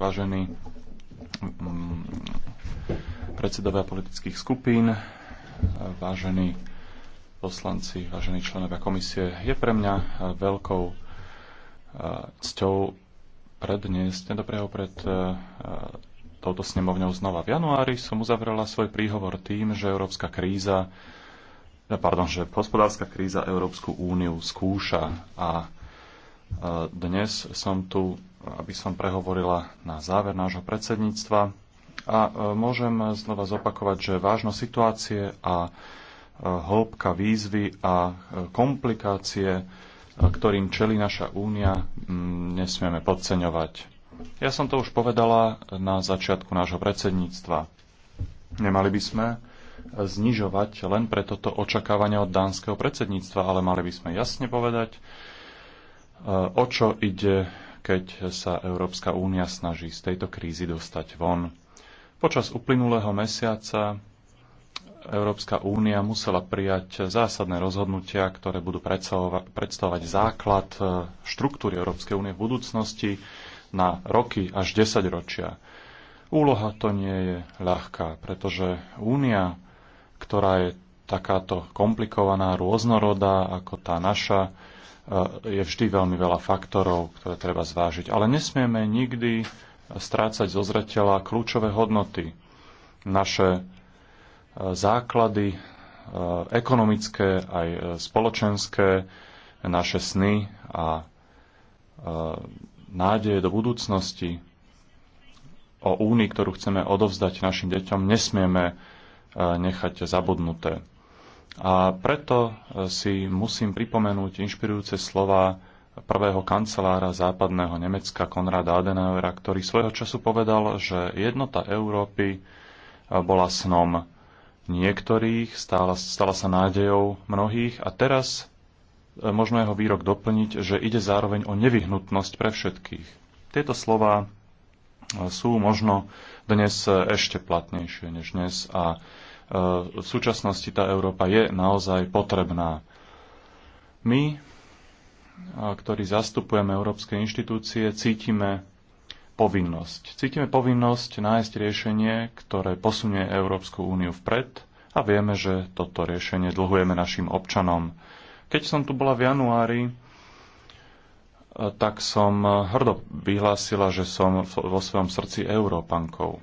vážení mm, predsedovia politických skupín, vážení poslanci, vážení členovia komisie. Je pre mňa eh, veľkou eh, cťou predniesť nedopreho pred eh, touto snemovňou znova. V januári som uzavrela svoj príhovor tým, že európska kríza, pardon, že hospodárska kríza Európsku úniu skúša a dnes som tu aby som prehovorila na záver nášho predsedníctva. A e, môžem znova zopakovať, že vážnosť situácie a e, hĺbka výzvy a e, komplikácie, ktorým čelí naša únia, nesmieme podceňovať. Ja som to už povedala na začiatku nášho predsedníctva. Nemali by sme znižovať len pre toto očakávanie od dánskeho predsedníctva, ale mali by sme jasne povedať, o čo ide keď sa Európska únia snaží z tejto krízy dostať von. Počas uplynulého mesiaca Európska únia musela prijať zásadné rozhodnutia, ktoré budú predstavovať základ e, štruktúry Európskej únie v budúcnosti na roky až 10 ročia. Úloha to nie je ľahká, pretože únia, ktorá je takáto komplikovaná, rôznorodá ako tá naša, Eh, je vždy veľmi veľa faktorov, ktoré treba zvážiť. Ale nesmieme nikdy strácať zo zretela kľúčové hodnoty, naše eh, základy eh, ekonomické, aj spoločenské, naše sny a nádeje do budúcnosti o únii, ktorú chceme odovzdať našim deťom, nesmieme nechať zabudnuté. A preto e, si musím pripomenúť inšpirujúce slova prvého kancelára západného Nemecka Konrada Adenauera, ktorý svojho času povedal, že jednota Európy e, bola snom niektorých, stala, stala sa nádejou mnohých a teraz e, možno jeho výrok doplniť, že ide zároveň o nevyhnutnosť pre všetkých. Tieto slova sú možno dnes ešte platnejšie než dnes a v súčasnosti tá Európa je naozaj potrebná. My, ktorí zastupujeme európske inštitúcie, cítime povinnosť. Cítime povinnosť nájsť riešenie, ktoré posunie Európsku úniu vpred a vieme, že toto riešenie dlhujeme našim občanom. Keď som tu bola v januári, tak som hrdo vyhlásila, že som vo svojom srdci Európankou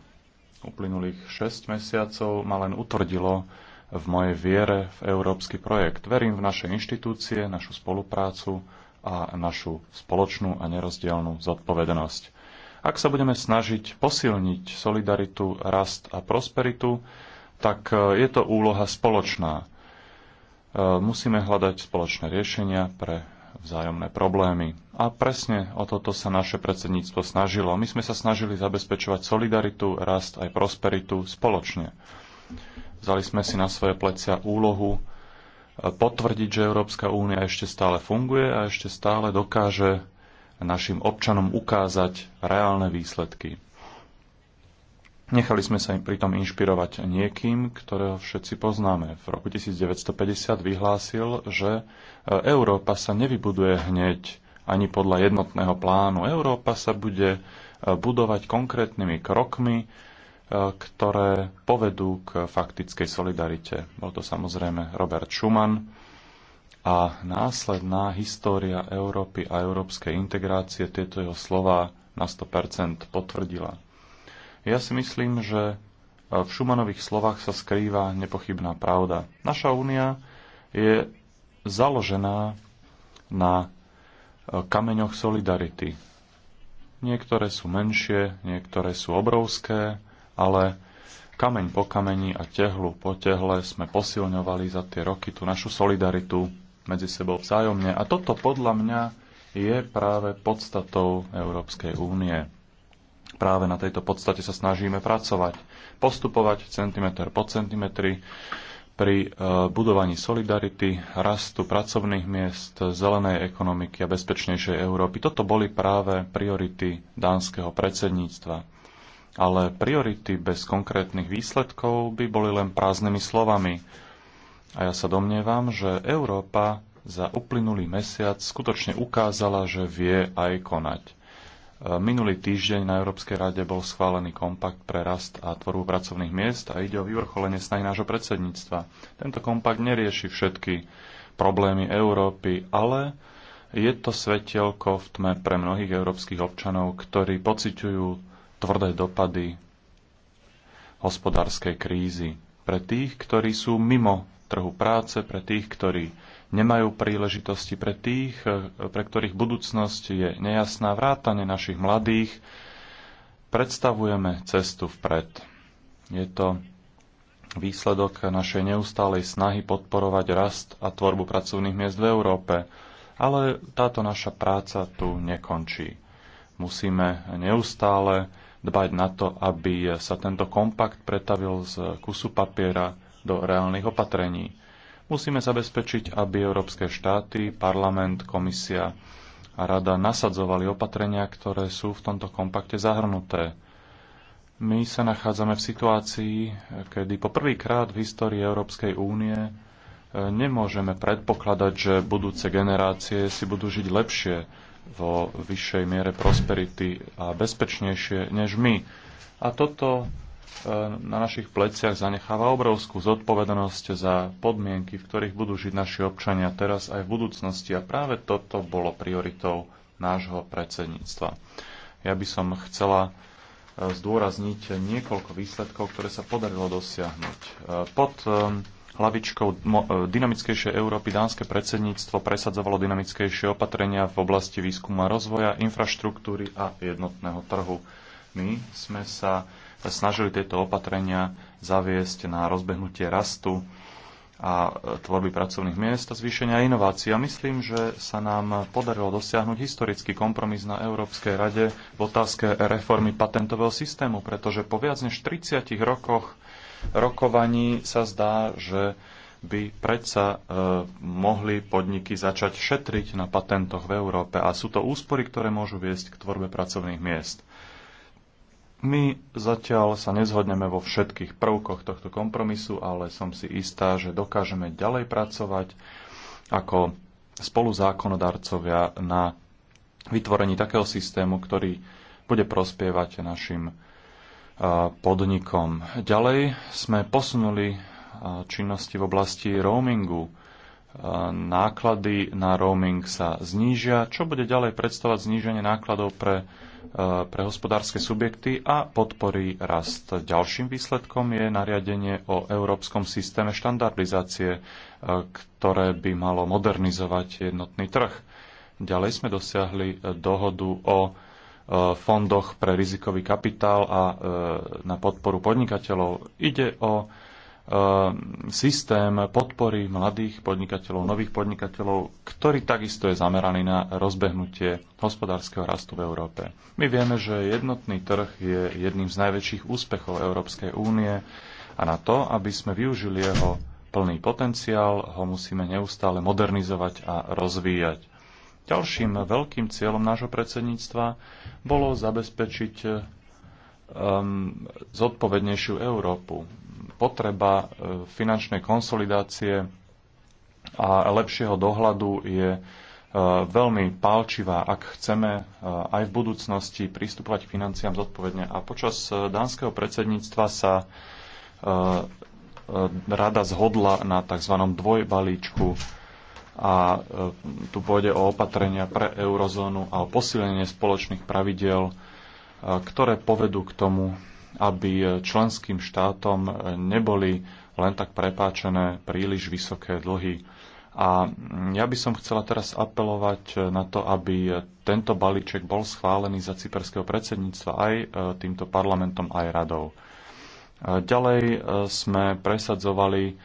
uplynulých 6 mesiacov ma len utvrdilo v mojej viere v európsky projekt. Verím v naše inštitúcie, našu spoluprácu a našu spoločnú a nerozdielnú zodpovednosť. Ak sa budeme snažiť posilniť solidaritu, rast a prosperitu, tak e, je to úloha spoločná. E, musíme hľadať spoločné riešenia pre vzájomné problémy. A presne o toto sa naše predsedníctvo snažilo. My sme sa snažili zabezpečovať solidaritu, rast aj prosperitu spoločne. Vzali sme si na svoje plecia úlohu e, potvrdiť, že Európska únia ešte stále funguje a ešte stále dokáže našim občanom ukázať reálne výsledky. Nechali sme sa im pritom inšpirovať niekým, ktorého všetci poznáme. V roku 1950 vyhlásil, že e, Európa sa nevybuduje hneď ani podľa jednotného plánu. Európa sa bude e, budovať konkrétnymi krokmi, e, ktoré povedú k faktickej solidarite. Bol to samozrejme Robert Schumann a následná história Európy a európskej integrácie tieto jeho slova na 100% potvrdila. Ja si myslím, že v Šumanových slovách sa skrýva nepochybná pravda. Naša únia je založená na e, kameňoch solidarity. Niektoré sú menšie, niektoré sú obrovské, ale kameň po kameni a tehlu po tehle sme posilňovali za tie roky tú našu solidaritu medzi sebou vzájomne. A toto podľa mňa je práve podstatou Európskej únie práve na tejto podstate sa snažíme pracovať. Postupovať centimetr po centimetri pri e, budovaní solidarity, rastu pracovných miest, zelenej ekonomiky a bezpečnejšej Európy. Toto boli práve priority dánskeho predsedníctva. Ale priority bez konkrétnych výsledkov by boli len prázdnymi slovami. A ja sa domnievam, že Európa za uplynulý mesiac skutočne ukázala, že vie aj konať. Minulý týždeň na Európskej rade bol schválený kompakt pre rast a tvorbu pracovných miest a ide o vyvrcholenie snahy nášho predsedníctva. Tento kompakt nerieši všetky problémy Európy, ale je to svetelko v tme pre mnohých európskych občanov, ktorí pociťujú tvrdé dopady hospodárskej krízy. Pre tých, ktorí sú mimo trhu práce, pre tých, ktorí nemajú príležitosti pre tých, e, pre ktorých budúcnosť je nejasná, vrátane našich mladých, predstavujeme cestu vpred. Je to výsledok našej neustálej snahy podporovať rast a tvorbu pracovných miest v Európe, ale táto naša práca tu nekončí. Musíme neustále dbať na to, aby sa tento kompakt pretavil z kusu papiera do reálnych opatrení. Musíme zabezpečiť, aby európske štáty, parlament, komisia a rada nasadzovali opatrenia, ktoré sú v tomto kompakte zahrnuté. My sa nachádzame v situácii, kedy poprvýkrát v histórii Európskej únie e, nemôžeme predpokladať, že budúce generácie si budú žiť lepšie vo vyššej miere prosperity a bezpečnejšie než my. A toto na našich pleciach zanecháva obrovskú zodpovednosť za podmienky, v ktorých budú žiť naši občania teraz aj v budúcnosti. A práve toto bolo prioritou nášho predsedníctva. Ja by som chcela e, zdôrazniť niekoľko výsledkov, ktoré sa podarilo dosiahnuť. E, pod e, hlavičkou dynamickejšej Európy dánske predsedníctvo presadzovalo dynamickejšie opatrenia v oblasti výskumu a rozvoja, infraštruktúry a jednotného trhu. My sme sa snažili tieto opatrenia zaviesť na rozbehnutie rastu a tvorby pracovných miest a zvýšenia inovácií. A myslím, že sa nám podarilo dosiahnuť historický kompromis na Európskej rade v otázke reformy patentového systému, pretože po viac než 30 rokoch rokovaní sa zdá, že by predsa e, mohli podniky začať šetriť na patentoch v Európe a sú to úspory, ktoré môžu viesť k tvorbe pracovných miest. My zatiaľ sa nezhodneme vo všetkých prvkoch tohto kompromisu, ale som si istá, že dokážeme ďalej pracovať ako spoluzákonodarcovia na vytvorení takého systému, ktorý bude prospievať našim podnikom. Ďalej sme posunuli činnosti v oblasti roamingu. Náklady na roaming sa znížia, čo bude ďalej predstavovať zníženie nákladov pre E, pre hospodárske subjekty a podporí rast. Ďalším výsledkom je nariadenie o európskom systéme štandardizácie, e, ktoré by malo modernizovať jednotný trh. Ďalej sme dosiahli e, dohodu o fondoch pre rizikový kapitál a na podporu podnikateľov. Ide o Ehm, systém podpory mladých podnikateľov, nových podnikateľov, ktorý takisto je zameraný na rozbehnutie hospodárskeho rastu v Európe. My vieme, že jednotný trh je jedným z najväčších úspechov Európskej únie a na to, aby sme využili jeho plný potenciál, ho musíme neustále modernizovať a rozvíjať. Ďalším veľkým cieľom nášho predsedníctva bolo zabezpečiť um, zodpovednejšiu Európu potreba e, finančnej konsolidácie a lepšieho dohľadu je e, veľmi pálčivá, ak chceme e, aj v budúcnosti pristupovať k financiám zodpovedne. A počas dánskeho predsedníctva sa rada zhodla na tzv. dvojbalíčku a tu pôjde o opatrenia pre eurozónu a o posilnenie spoločných pravidel, ktoré povedú k tomu, aby e, členským štátom e, neboli len tak prepáčené príliš vysoké dlhy. A mm, ja by som chcela teraz apelovať e, na to, aby tento balíček bol schválený za cyperského predsedníctva aj týmto parlamentom, aj radou. Ďalej sme presadzovali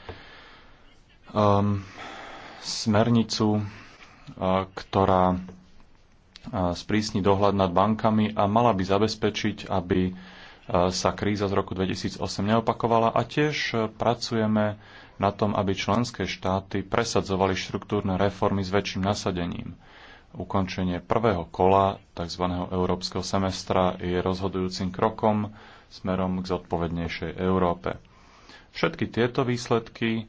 um, smernicu, ktorá sprísni dohľad nad bankami a mala by zabezpečiť, aby sa kríza z roku 2008 neopakovala a tiež e, pracujeme na tom, aby členské štáty presadzovali štruktúrne reformy s väčším nasadením. Ukončenie prvého kola tzv. európskeho semestra je rozhodujúcim krokom smerom k zodpovednejšej Európe. Všetky tieto výsledky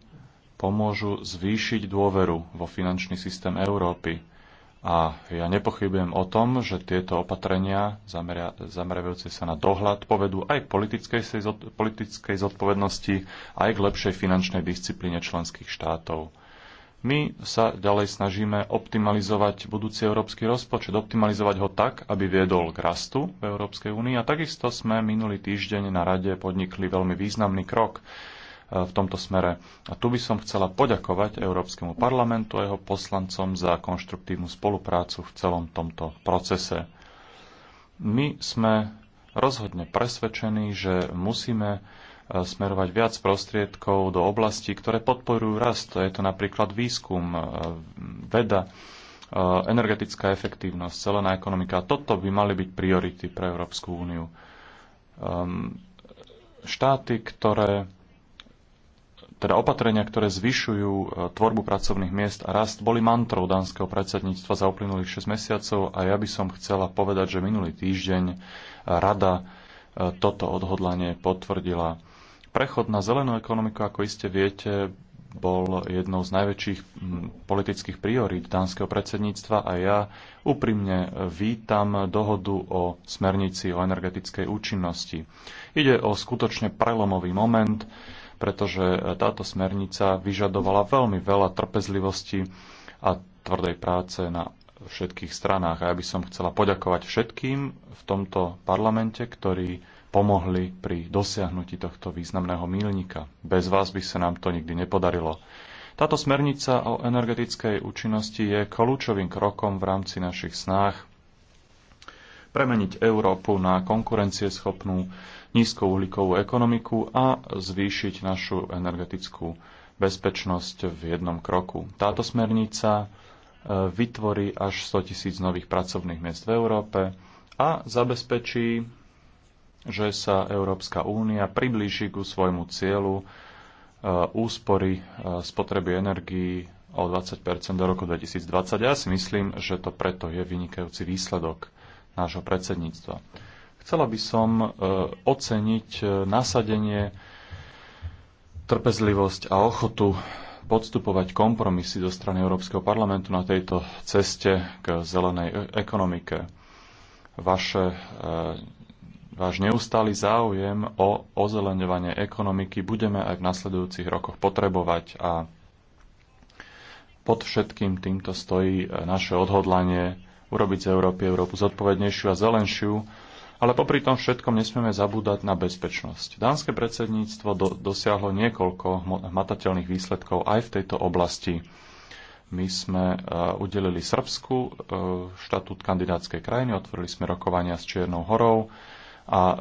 pomôžu zvýšiť dôveru vo finančný systém Európy a ja nepochybujem o tom, že tieto opatrenia zameriavajúce sa na dohľad povedú aj k politickej, politickej zodpovednosti, aj k lepšej finančnej disciplíne členských štátov. My sa ďalej snažíme optimalizovať budúci európsky rozpočet, optimalizovať ho tak, aby viedol k rastu v Európskej únii a takisto sme minulý týždeň na rade podnikli veľmi významný krok E, v tomto smere. A tu by som chcela poďakovať Európskemu parlamentu a jeho poslancom za konštruktívnu spoluprácu v celom tomto procese. My sme rozhodne presvedčení, že musíme e, smerovať viac prostriedkov do oblastí, ktoré podporujú rast. Je to napríklad výskum, e, veda, energetická efektívnosť, celená ekonomika. Toto by mali byť priority pre Európsku úniu. Ehm, štáty, ktoré teda opatrenia, ktoré zvyšujú e, tvorbu pracovných miest a rast, boli mantrou dánskeho predsedníctva za uplynulých 6 mesiacov a ja by som chcela povedať, že minulý týždeň e, rada e, toto odhodlanie potvrdila. Prechod na zelenú ekonomiku, ako iste viete, bol jednou z najväčších politických priorít dánskeho predsedníctva a ja úprimne vítam dohodu o smernici o energetickej účinnosti. Ide o skutočne prelomový moment, pretože e, táto smernica vyžadovala veľmi veľa trpezlivosti a tvrdej práce na všetkých stranách. A ja by som chcela poďakovať všetkým v tomto parlamente, ktorí pomohli pri dosiahnutí tohto významného mílnika. Bez vás by sa nám to nikdy nepodarilo. Táto smernica o energetickej účinnosti je kľúčovým krokom v rámci našich snách premeniť Európu na konkurencieschopnú nízkouhlíkovú ekonomiku a zvýšiť našu energetickú bezpečnosť v jednom kroku. Táto smernica e, vytvorí až 100 tisíc nových pracovných miest v Európe a zabezpečí, že sa Európska únia priblíži ku svojmu cieľu e, úspory e, spotreby energií o 20 do roku 2020. Ja si myslím, že to preto je vynikajúci výsledok nášho predsedníctva. Chcela by som e, oceniť e, nasadenie, trpezlivosť a ochotu podstupovať kompromisy zo strany Európskeho parlamentu na tejto ceste k zelenej e, ekonomike. Vaše, váš neustály záujem o ozeleňovanie ekonomiky budeme aj v nasledujúcich rokoch potrebovať a pod všetkým týmto stojí naše odhodlanie urobiť z Európy Európu zodpovednejšiu a zelenšiu, ale popri tom všetkom nesmieme zabúdať na bezpečnosť. Dánske predsedníctvo do, dosiahlo niekoľko matateľných výsledkov aj v tejto oblasti. My sme uh, udelili Srbsku uh, štatút kandidátskej krajiny, otvorili sme rokovania s Čiernou horou a uh,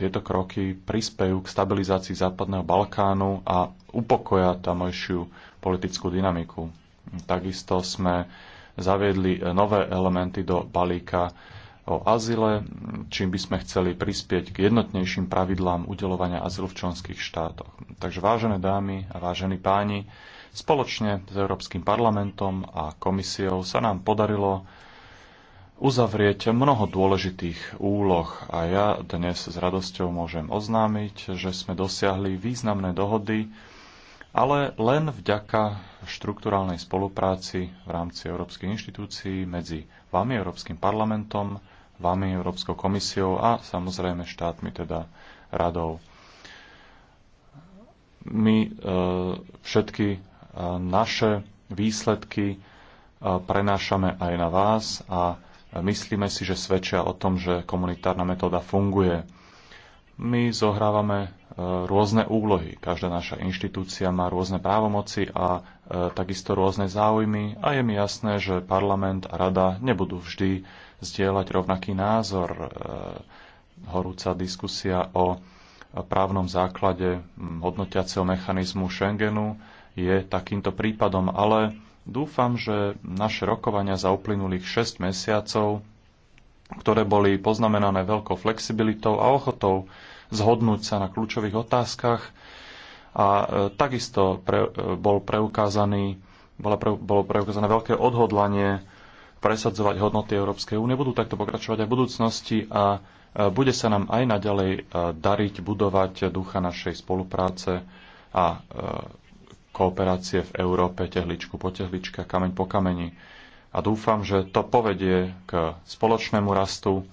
tieto kroky prispejú k stabilizácii Západného Balkánu a upokoja tamojšiu politickú dynamiku. Takisto sme zaviedli e, nové elementy do balíka o azyle, čím by sme chceli prispieť k jednotnejším pravidlám udelovania azylu v členských štátoch. Takže vážené dámy a vážení páni, spoločne s Európskym parlamentom a komisiou sa nám podarilo uzavrieť mnoho dôležitých úloh a ja dnes s radosťou môžem oznámiť, že sme dosiahli významné dohody ale len vďaka štruktúrálnej spolupráci v rámci európskych inštitúcií medzi vami, Európskym parlamentom, vami, Európskou komisiou a samozrejme štátmi, teda radou. My e, všetky e, naše výsledky e, prenášame aj na vás a myslíme si, že svedčia o tom, že komunitárna metóda funguje. My zohrávame rôzne úlohy. Každá naša inštitúcia má rôzne právomoci a e, takisto rôzne záujmy a je mi jasné, že parlament a rada nebudú vždy zdieľať rovnaký názor. E, horúca diskusia o právnom základe hodnotiaceho mechanizmu Schengenu je takýmto prípadom, ale dúfam, že naše rokovania za uplynulých 6 mesiacov, ktoré boli poznamenané veľkou flexibilitou a ochotou zhodnúť sa na kľúčových otázkach a e, takisto pre, e, bol preukázaný, bola pre, bolo preukázané veľké odhodlanie presadzovať hodnoty Európskej únie. Budú takto pokračovať aj v budúcnosti a e, bude sa nám aj naďalej dariť budovať ducha našej spolupráce a kooperácie v Európe tehličku po tehlička, kameň po kameni. A dúfam, že to povedie k spoločnému rastu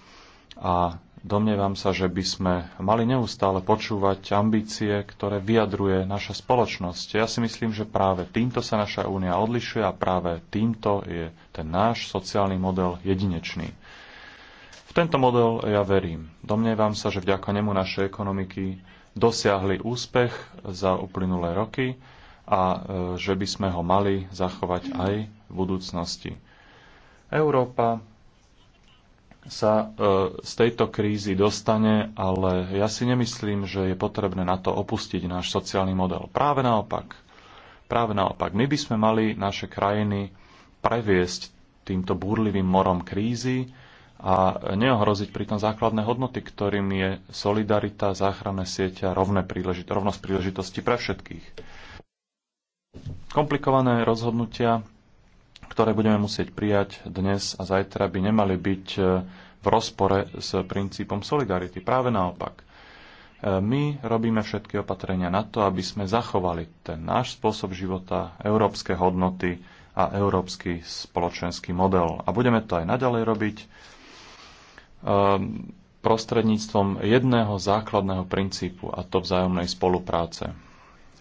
a Domnievam sa, že by sme mali neustále počúvať ambície, ktoré vyjadruje naša spoločnosť. Ja si myslím, že práve týmto sa naša únia odlišuje a práve týmto je ten náš sociálny model jedinečný. V tento model ja verím. Domnievam sa, že vďaka nemu naše ekonomiky dosiahli úspech za uplynulé roky a e, že by sme ho mali zachovať aj v budúcnosti. Európa sa e, z tejto krízy dostane, ale ja si nemyslím, že je potrebné na to opustiť náš sociálny model. Práve naopak. Práve naopak. My by sme mali naše krajiny previesť týmto búrlivým morom krízy a neohroziť pritom základné hodnoty, ktorým je solidarita, záchranné sieťa, rovné príležit- rovnosť príležitosti pre všetkých. Komplikované rozhodnutia ktoré budeme musieť prijať dnes a zajtra, by nemali byť e, v rozpore s princípom solidarity. Práve naopak. E, my robíme všetky opatrenia na to, aby sme zachovali ten náš spôsob života, európske hodnoty a európsky spoločenský model. A budeme to aj naďalej robiť e, prostredníctvom jedného základného princípu, a to vzájomnej spolupráce.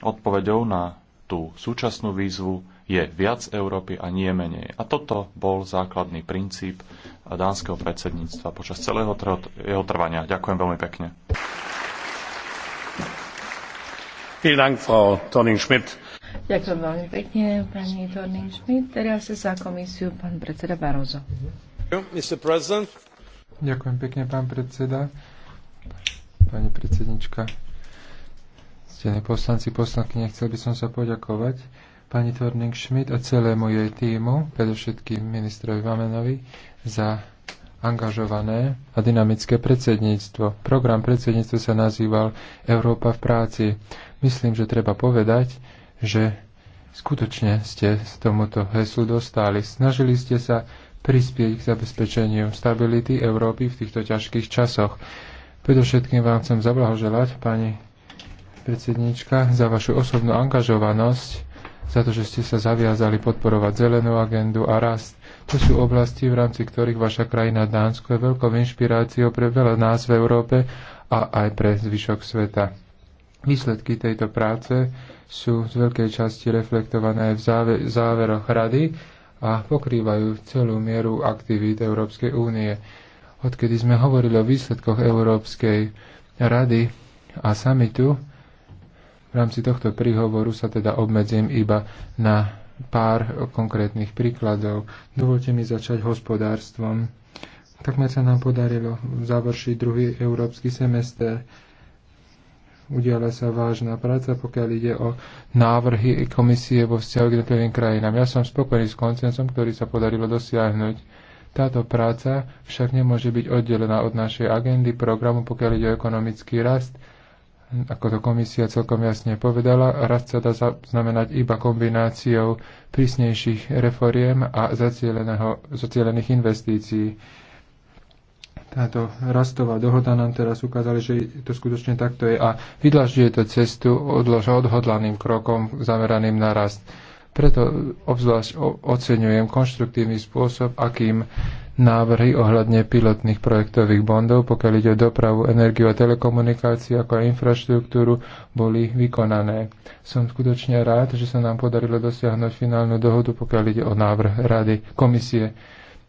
Odpovedou na tú súčasnú výzvu je viac Európy a nie menej. A toto bol základný princíp dánskeho predsedníctva počas celého jeho trvania. Ďakujem veľmi pekne. Ďakujem veľmi pekne, pani Torning Schmidt. Teraz sa za komisiu pán predseda Barozo. Ďakujem pekne, pán predseda. Pani predsednička, ste poslanci, poslanky, nechcel by som sa poďakovať pani Torning Schmidt a celému jej týmu, predovšetkým ministrovi Vamenovi, za angažované a dynamické predsedníctvo. Program predsedníctva sa nazýval Európa v práci. Myslím, že treba povedať, že skutočne ste z tomuto heslu dostali. Snažili ste sa prispieť k zabezpečeniu stability Európy v týchto ťažkých časoch. Predovšetkým vám chcem zablahoželať, pani predsedníčka, za vašu osobnú angažovanosť za to, že ste sa zaviazali podporovať zelenú agendu a rast. To sú oblasti, v rámci ktorých vaša krajina Dánsko je veľkou inšpiráciou pre veľa nás v Európe a aj pre zvyšok sveta. Výsledky tejto práce sú z veľkej časti reflektované v záver záveroch rady a pokrývajú celú mieru aktivít Európskej únie. Odkedy sme hovorili o výsledkoch Európskej rady a samitu, v rámci tohto príhovoru sa teda obmedzím iba na pár konkrétnych príkladov. Dovolte mi začať hospodárstvom. Takmer sa nám podarilo završiť druhý európsky semester. Udiala sa vážna práca, pokiaľ ide o návrhy komisie vo vzťahu k jednotlivým krajinám. Ja som spokojný s koncensom, ktorý sa podarilo dosiahnuť. Táto práca však nemôže byť oddelená od našej agendy programu, pokiaľ ide o ekonomický rast, ako to komisia celkom jasne povedala, rast sa dá znamenať iba kombináciou prísnejších reforiem a zacielených investícií. Táto rastová dohoda nám teraz ukázala, že to skutočne takto je a vydlažuje to cestu odhodlaným krokom zameraným na rast. Preto obzvlášť oceňujem konštruktívny spôsob, akým návrhy ohľadne pilotných projektových bondov, pokiaľ ide o dopravu, energiu a telekomunikáciu, ako aj infraštruktúru, boli vykonané. Som skutočne rád, že sa nám podarilo dosiahnuť finálnu dohodu, pokiaľ ide o návrh Rady komisie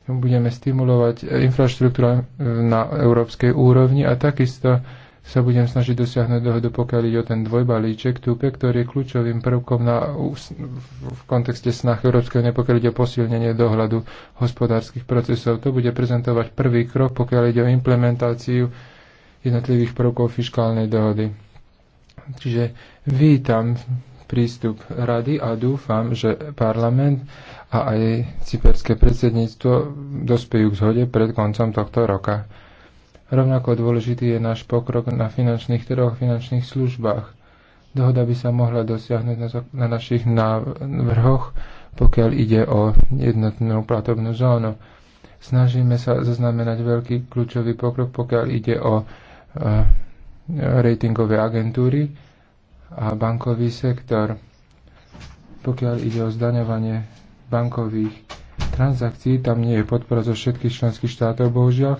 budeme stimulovať infraštruktúru na európskej úrovni a takisto sa budem snažiť dosiahnuť dohodu, pokiaľ ide o ten dvojbalíček TUPE, ktorý je kľúčovým prvkom na, v kontexte snah Európskej unie, pokiaľ ide o posilnenie dohľadu hospodárskych procesov. To bude prezentovať prvý krok, pokiaľ ide o implementáciu jednotlivých prvkov fiskálnej dohody. Čiže vítam prístup rady a dúfam, že parlament a aj cyperské predsedníctvo dospejú k zhode pred koncom tohto roka. Rovnako dôležitý je náš pokrok na finančných trhoch, finančných službách. Dohoda by sa mohla dosiahnuť na našich návrhoch, pokiaľ ide o jednotnú platobnú zónu. Snažíme sa zaznamenať veľký kľúčový pokrok, pokiaľ ide o e, ratingové agentúry a bankový sektor. Pokiaľ ide o zdaňovanie bankových transakcií, tam nie je podpora zo všetkých členských štátov. Bohužiaľ,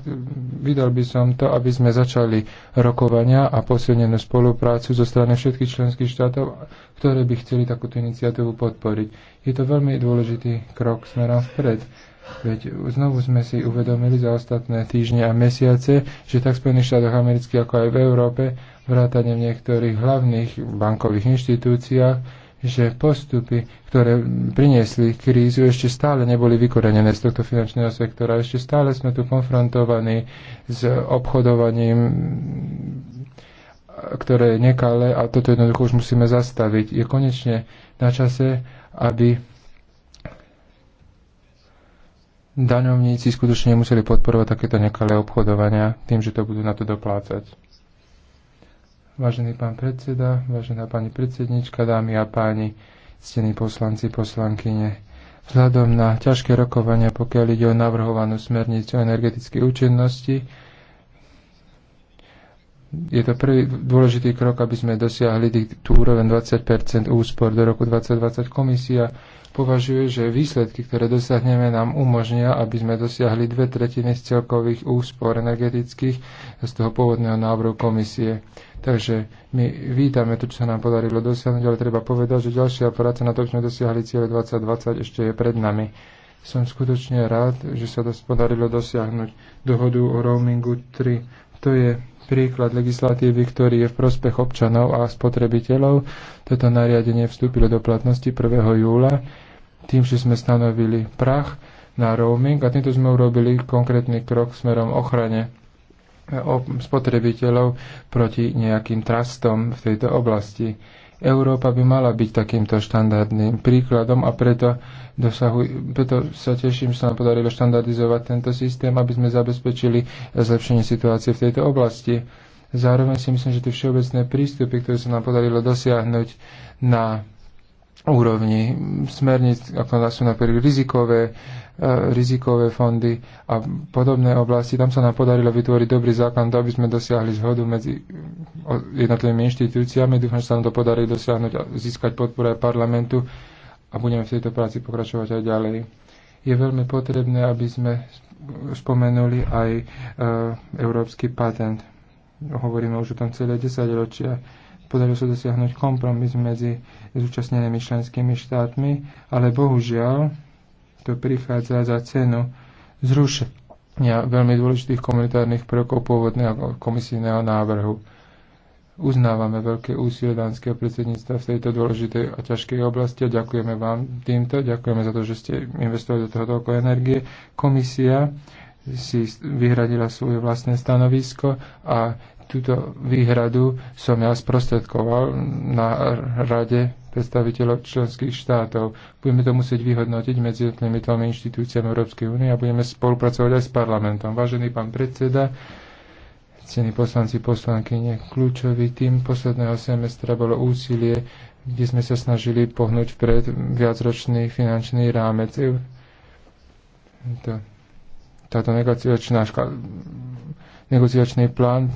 videl by som to, aby sme začali rokovania a posilnenú spoluprácu zo strany všetkých členských štátov, ktoré by chceli takúto iniciatívu podporiť. Je to veľmi dôležitý krok smerom vpred. Veď znovu sme si uvedomili za ostatné týždne a mesiace, že tak v Spojených štátoch amerických, ako aj v Európe, vrátane v niektorých hlavných bankových inštitúciách, že postupy, ktoré priniesli krízu, ešte stále neboli vykorenené z tohto finančného sektora. Ešte stále sme tu konfrontovaní s obchodovaním ktoré je nekalé a toto jednoducho už musíme zastaviť. Je konečne na čase, aby daňovníci skutočne museli podporovať takéto nekalé obchodovania tým, že to budú na to doplácať. Vážený pán predseda, vážená pani predsednička, dámy a páni, stení poslanci, poslankyne. Vzhľadom na ťažké rokovania, pokiaľ ide o navrhovanú smernicu o energetickej účinnosti, je to prvý dôležitý krok, aby sme dosiahli tú úroveň 20 úspor do roku 2020. Komisia považuje, že výsledky, ktoré dosiahneme, nám umožnia, aby sme dosiahli dve tretiny z celkových úspor energetických z toho pôvodného návrhu komisie. Takže my vítame to, čo sa nám podarilo dosiahnuť, ale treba povedať, že ďalšia práca na to, čo sme dosiahli cieľ 2020, ešte je pred nami. Som skutočne rád, že sa podarilo dosiahnuť dohodu o roamingu 3. To je príklad legislatívy, ktorý je v prospech občanov a spotrebiteľov. Toto nariadenie vstúpilo do platnosti 1. júla tým, že sme stanovili prach na roaming a týmto sme urobili konkrétny krok smerom ochrane spotrebiteľov proti nejakým trastom v tejto oblasti. Európa by mala byť takýmto štandardným príkladom a preto, dosahuj, preto sa teším, že sa nám podarilo štandardizovať tento systém, aby sme zabezpečili zlepšenie situácie v tejto oblasti. Zároveň si myslím, že tie všeobecné prístupy, ktoré sa nám podarilo dosiahnuť na úrovni smerníc, ako sú napríklad rizikové E, rizikové fondy a podobné oblasti. Tam sa nám podarilo vytvoriť dobrý základ, aby sme dosiahli zhodu medzi e, jednotlivými inštitúciami. Dúfam, že sa nám to podarí dosiahnuť a získať podporu aj parlamentu a budeme v tejto práci pokračovať aj ďalej. Je veľmi potrebné, aby sme spomenuli aj e, európsky patent. Hovoríme už o tom celé 10 ročia podarilo sa dosiahnuť kompromis medzi zúčastnenými členskými štátmi, ale bohužiaľ to prichádza za cenu zrušenia veľmi dôležitých komunitárnych prvkov pôvodného komisijného návrhu. Uznávame veľké úsilie dánskeho predsedníctva v tejto dôležitej a ťažkej oblasti a ďakujeme vám týmto, ďakujeme za to, že ste investovali do toho toľko energie. Komisia si vyhradila svoje vlastné stanovisko a túto výhradu som ja sprostredkoval na rade predstaviteľov členských štátov. Budeme to musieť vyhodnotiť medzi jednotlivými tými inštitúciami Európskej únie a budeme spolupracovať aj s parlamentom. Vážený pán predseda, cení poslanci poslanky, kľúčový tým posledného semestra bolo úsilie, kde sme sa snažili pohnúť vpred viacročný finančný rámec. E, to, táto negociačná negociačný plán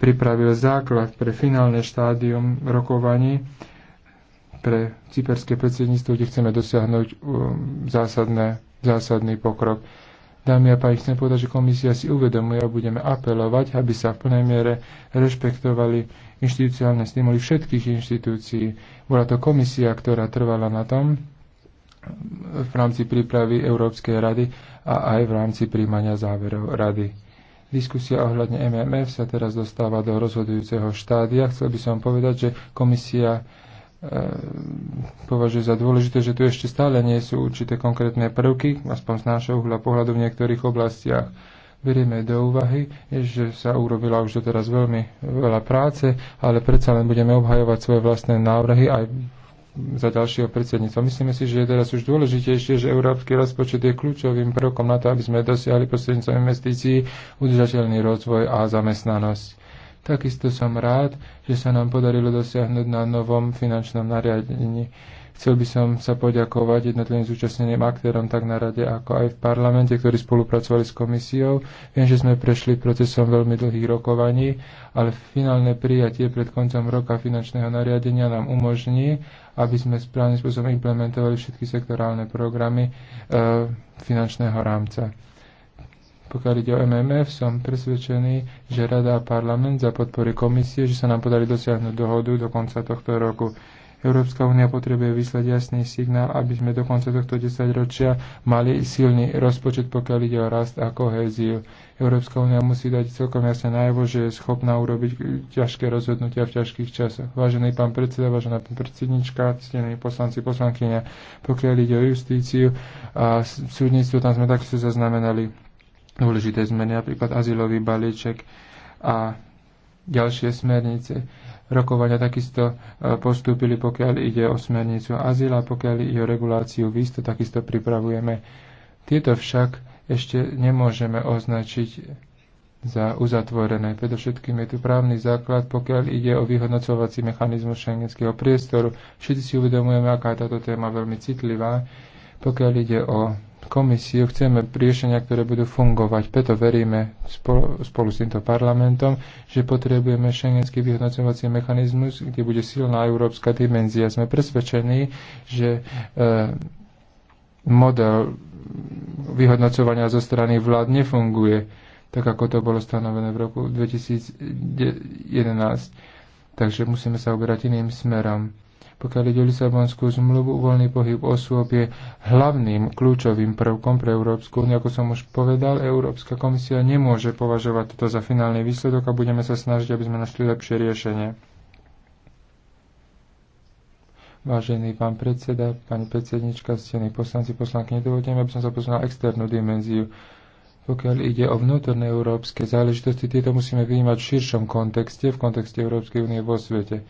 pripravil základ pre finálne štádium rokovaní pre cyperské predsedníctvo, kde chceme dosiahnuť um, zásadné, zásadný pokrok. Dámy a páni, chcem povedať, že komisia si uvedomuje a budeme apelovať, aby sa v plnej miere rešpektovali inštitucionálne stimuly všetkých inštitúcií. Bola to komisia, ktorá trvala na tom v rámci prípravy Európskej rady a aj v rámci príjmania záverov rady. Diskusia ohľadne MMF sa teraz dostáva do rozhodujúceho štádia. Chcel by som povedať, že komisia Ehm, považuje za dôležité, že tu ešte stále nie sú určité konkrétne prvky, aspoň z nášho uhla pohľadu v niektorých oblastiach. Berieme do úvahy, že sa urobila už doteraz veľmi veľa práce, ale predsa len budeme obhajovať svoje vlastné návrhy aj za ďalšieho predsedníctva. Myslíme si, že je teraz už dôležitejšie, že európsky rozpočet je kľúčovým prvkom na to, aby sme dosiahli prostredníctvom investícií udržateľný rozvoj a zamestnanosť. Takisto som rád, že sa nám podarilo dosiahnuť na novom finančnom nariadení. Chcel by som sa poďakovať jednotlivým zúčastneným aktérom tak na rade ako aj v parlamente, ktorí spolupracovali s komisiou. Viem, že sme prešli procesom veľmi dlhých rokovaní, ale finálne prijatie pred koncom roka finančného nariadenia nám umožní, aby sme správnym spôsobom implementovali všetky sektorálne programy e, finančného rámca. Pokiaľ ide o MMF, som presvedčený, že Rada a parlament za podpory komisie, že sa nám podarí dosiahnuť dohodu do konca tohto roku. Európska únia potrebuje vyslať jasný signál, aby sme do konca tohto desaťročia mali silný rozpočet, pokiaľ ide o rast a kohéziu. Európska únia musí dať celkom jasne najavo, že je schopná urobiť ťažké rozhodnutia v ťažkých časoch. Vážený pán predseda, vážená pán predsednička, ctení poslanci, poslankyňa, pokiaľ ide o justíciu a súdnictvo, tam sme takisto zaznamenali dôležité zmeny, napríklad azylový balíček a ďalšie smernice. Rokovania takisto e, postúpili, pokiaľ ide o smernicu azyla, a pokiaľ ide o reguláciu výsto, takisto pripravujeme. Tieto však ešte nemôžeme označiť za uzatvorené. Predovšetkým je tu právny základ, pokiaľ ide o vyhodnocovací mechanizmus šengenského priestoru. Všetci si uvedomujeme, aká je táto téma veľmi citlivá, pokiaľ ide o komisiu, chceme riešenia, ktoré budú fungovať. Preto veríme spolu, spolu s týmto parlamentom, že potrebujeme šengenský vyhodnocovací mechanizmus, kde bude silná európska dimenzia. Sme presvedčení, že e, model vyhodnocovania zo strany vlád nefunguje, tak ako to bolo stanovené v roku 2011. Takže musíme sa uberať iným smerom. Pokiaľ ide o Lisabonskú zmluvu, voľný pohyb osôb je hlavným kľúčovým prvkom pre Európsku úniu. Ako som už povedal, Európska komisia nemôže považovať toto za finálny výsledok a budeme sa snažiť, aby sme našli lepšie riešenie. Vážený pán predseda, pani predsednička, stení poslanci, poslanky, nedovolte mi, aby som sa posunul externú dimenziu. Pokiaľ ide o vnútorné európske záležitosti, tieto musíme vnímať v širšom kontexte, v kontexte Európskej únie vo svete.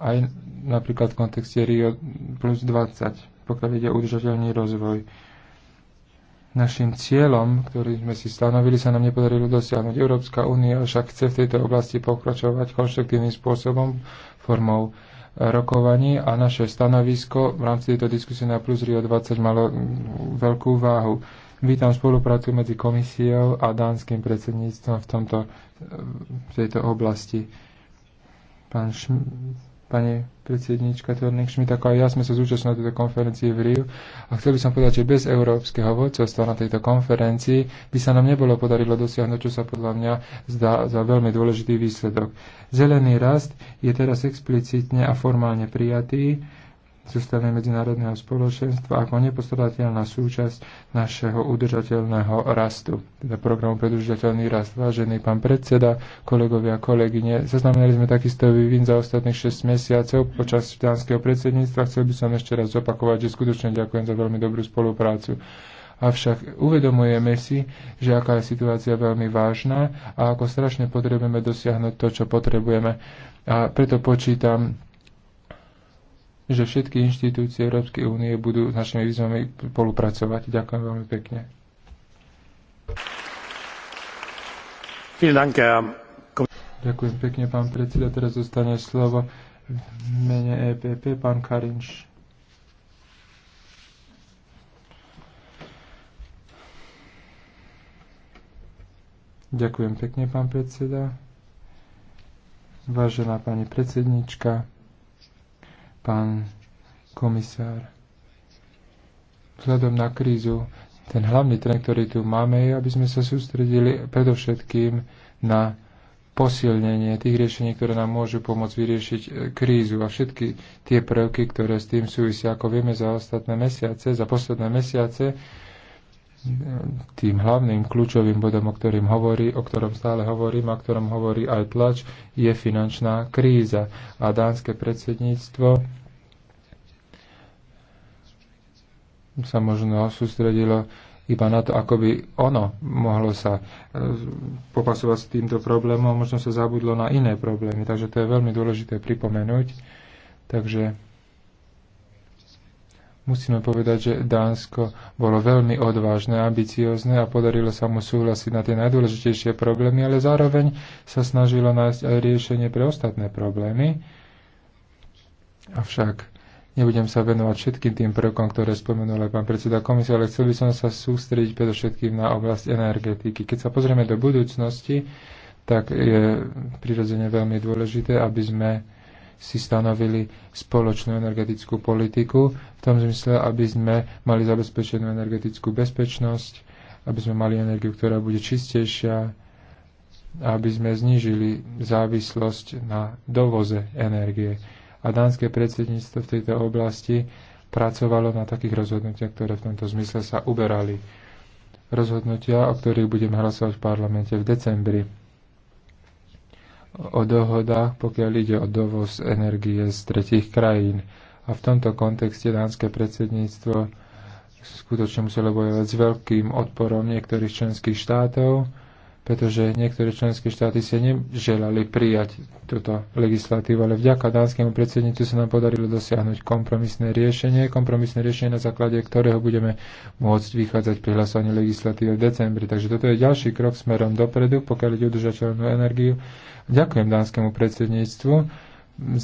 aj napríklad v kontexte Rio plus 20, pokiaľ ide o udržateľný rozvoj. Našim cieľom, ktorý sme si stanovili, sa nám nepodarilo dosiahnuť. Európska únia však chce v tejto oblasti pokračovať konštruktívnym spôsobom formou rokovaní a naše stanovisko v rámci tejto diskusie na Plus Rio 20 malo veľkú váhu. Vítam spoluprácu medzi komisiou a dánskym predsedníctvom v, tomto, v tejto oblasti. Pán Šm- pani predsednička Tornik Schmidt, ako aj ja sme sa zúčastnili na tejto konferencii v Riu a chcel by som povedať, že bez európskeho vodcovstva na tejto konferencii by sa nám nebolo podarilo dosiahnuť, čo sa podľa mňa zdá za veľmi dôležitý výsledok. Zelený rast je teraz explicitne a formálne prijatý zostave medzinárodného spoločenstva ako nepostradateľná súčasť našeho udržateľného rastu, teda programu predržateľný rast. Vážený pán predseda, kolegovia a kolegyne, zaznamenali sme takisto vývin za ostatných 6 mesiacov počas dánskeho predsedníctva. Chcel by som ešte raz zopakovať, že skutočne ďakujem za veľmi dobrú spoluprácu. Avšak uvedomujeme si, že aká je situácia veľmi vážna a ako strašne potrebujeme dosiahnuť to, čo potrebujeme. A preto počítam že všetky inštitúcie Európskej únie budú s našimi výzvami spolupracovať. Ďakujem veľmi pekne. Ďakujem pekne, pán predseda. Teraz zostane slovo v mene EPP, pán Karinč. Ďakujem pekne, pán predseda. Vážená pani predsednička, pán komisár. Vzhľadom na krízu, ten hlavný trend, ktorý tu máme, je, aby sme sa sústredili predovšetkým na posilnenie tých riešení, ktoré nám môžu pomôcť vyriešiť e, krízu a všetky tie prvky, ktoré s tým súvisia. Ako vieme za ostatné mesiace, za posledné mesiace, tým hlavným kľúčovým bodom, o ktorým hovorí, o ktorom stále hovorím a o ktorom hovorí aj tlač, je finančná kríza. A dánske predsedníctvo sa možno sústredilo iba na to, ako by ono mohlo sa e, popasovať s týmto problémom, možno sa zabudlo na iné problémy. Takže to je veľmi dôležité pripomenúť. Takže Musíme povedať, že Dánsko bolo veľmi odvážne, ambiciozne a podarilo sa mu súhlasiť na tie najdôležitejšie problémy, ale zároveň sa snažilo nájsť aj riešenie pre ostatné problémy. Avšak Nebudem sa venovať všetkým tým prvkom, ktoré spomenul aj pán predseda komisie, ale chcel by som sa sústrediť predovšetkým na oblasť energetiky. Keď sa pozrieme do budúcnosti, tak je prirodzene veľmi dôležité, aby sme si stanovili spoločnú energetickú politiku v tom zmysle, aby sme mali zabezpečenú energetickú bezpečnosť, aby sme mali energiu, ktorá bude čistejšia, aby sme znížili závislosť na dovoze energie. A dánske predsedníctvo v tejto oblasti pracovalo na takých rozhodnutiach, ktoré v tomto zmysle sa uberali. Rozhodnutia, o ktorých budeme hlasovať v parlamente v decembri o dohodách, pokiaľ ide o dovoz energie z tretich krajín. A v tomto kontexte dánske predsedníctvo skutočne muselo bojovať s veľkým odporom niektorých členských štátov, pretože niektoré členské štáty sa neželali prijať túto legislatívu, ale vďaka dánskému predsednícu sa nám podarilo dosiahnuť kompromisné riešenie, kompromisné riešenie na základe ktorého budeme môcť vychádzať pri hlasovaní legislatívy v decembri. Takže toto je ďalší krok smerom dopredu, pokiaľ ide udržateľnú energiu. Ďakujem dánskému predsedníctvu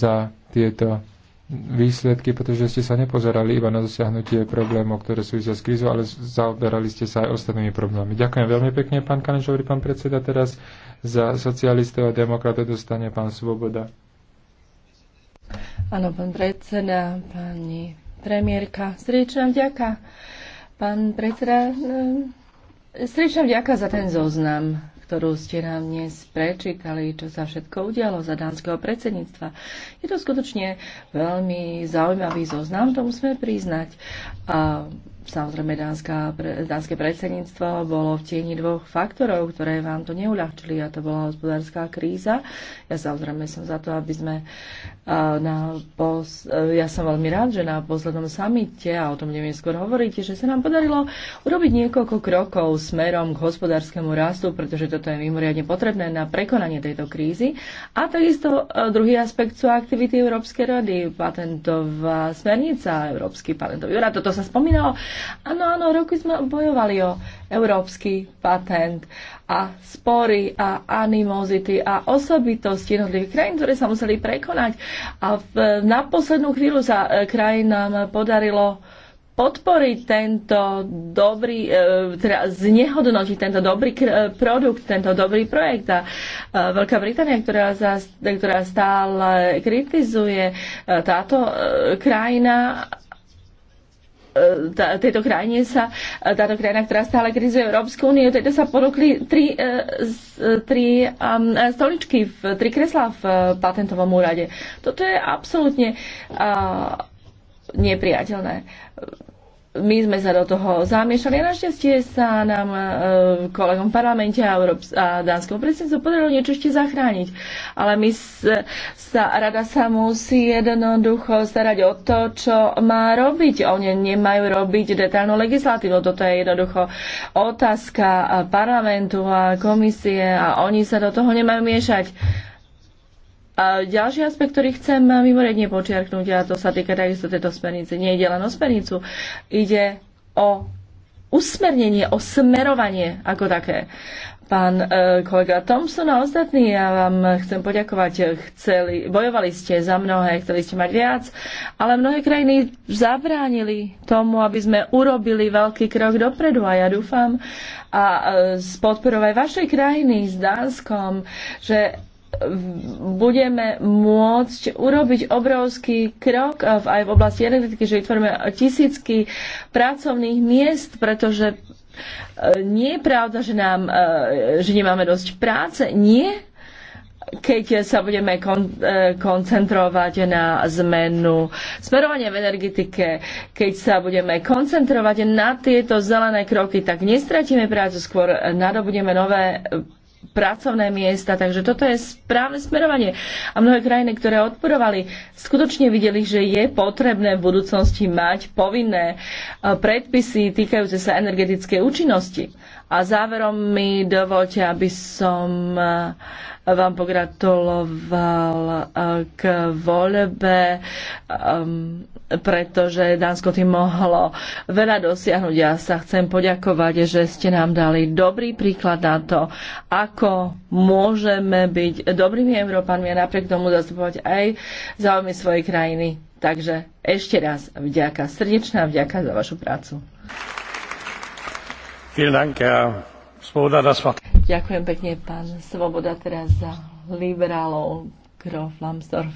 za tieto výsledky, pretože ste sa nepozerali iba na dosiahnutie problémov, ktoré súvisia s krízou, ale zaoberali ste sa aj ostatnými problémami. Ďakujem veľmi pekne, pán Kanč, hovorí pán predseda. Teraz za socialistov a demokratov dostane pán Svoboda. Áno, pán predseda, pani premiérka, srdečná vďaka. Pán predseda, no, srdečná vďaka za ten zoznam ktorú ste nám dnes prečítali, čo sa všetko udialo za dánskeho predsedníctva. Je to skutočne veľmi zaujímavý zoznam, to musíme priznať. A samozrejme dánska, dánske predsedníctvo bolo v tieni dvoch faktorov, ktoré vám to neuľahčili a to bola hospodárska kríza. Ja samozrejme som za to, aby sme na pos- ja som veľmi rád, že na poslednom samite, a o tom neviem skôr hovoriť, že sa nám podarilo urobiť niekoľko krokov smerom k hospodárskemu rastu, pretože toto je mimoriadne potrebné na prekonanie tejto krízy. A takisto e, druhý aspekt sú aktivity Európskej rady, patentová smernica, Európsky patentový úrad, toto sa spomínalo. Áno, áno, roky sme bojovali o Európsky patent a spory a animozity a osobitosti jednotlivých krajín, ktoré sa museli prekonať. A v, na poslednú chvíľu sa e, krajinám podarilo podporiť tento dobrý, e, teda znehodnotiť tento dobrý produkt, tento dobrý projekt. A e, Veľká Británia, ktorá, za, ktorá stále kritizuje táto krajina, E, tejto krajine sa, e, táto krajina, ktorá stále krizuje Európsku úniu, tejto sa porukli tri, e, tri um, stoličky, v, tri kreslá v patentovom úrade. Toto je absolútne uh, nepriateľné my sme sa do toho zamiešali a našťastie sa nám e, kolegom v parlamente a, Európs- a dánskom predsedníctvu podarilo niečo ešte zachrániť. Ale my sa, sa, rada sa musí jednoducho starať o to, čo má robiť. Oni nemajú robiť detálnu legislatívu. Toto je jednoducho otázka parlamentu a komisie a oni sa do toho nemajú miešať. A ďalší aspekt, ktorý chcem mimoriadne počiarknúť, a to sa týka takisto tejto smernice, nie ide len o smernicu, ide o usmernenie, o smerovanie ako také. Pán e, kolega Thompson a ostatní, ja vám chcem poďakovať. Chceli, bojovali ste za mnohé, chceli ste mať viac, ale mnohé krajiny zabránili tomu, aby sme urobili veľký krok dopredu a ja dúfam a e, s podporou aj vašej krajiny s Dánskom, že budeme môcť urobiť obrovský krok aj v oblasti energetiky, že vytvoríme tisícky pracovných miest, pretože e, nie je pravda, že, nám, e, že nemáme dosť práce. Nie, keď sa budeme kon, e, koncentrovať na zmenu smerovania v energetike, keď sa budeme koncentrovať na tieto zelené kroky, tak nestratíme prácu, skôr nadobudeme nové pracovné miesta. Takže toto je správne smerovanie. A mnohé krajiny, ktoré odporovali, skutočne videli, že je potrebné v budúcnosti mať povinné e, predpisy týkajúce sa energetickej účinnosti. A záverom mi dovolte, aby som e, vám pogratuloval e, k voľbe, pretože Dánsko tým mohlo veľa dosiahnuť. Ja sa chcem poďakovať, že ste nám dali dobrý príklad na to, ako môžeme byť dobrými Európanmi a napriek tomu zastupovať aj záujmy svojej krajiny. Takže ešte raz vďaka, srdečná vďaka za vašu prácu. Ďakujem pekne, pán Svoboda, teraz za liberálov Grof Lambsdorff.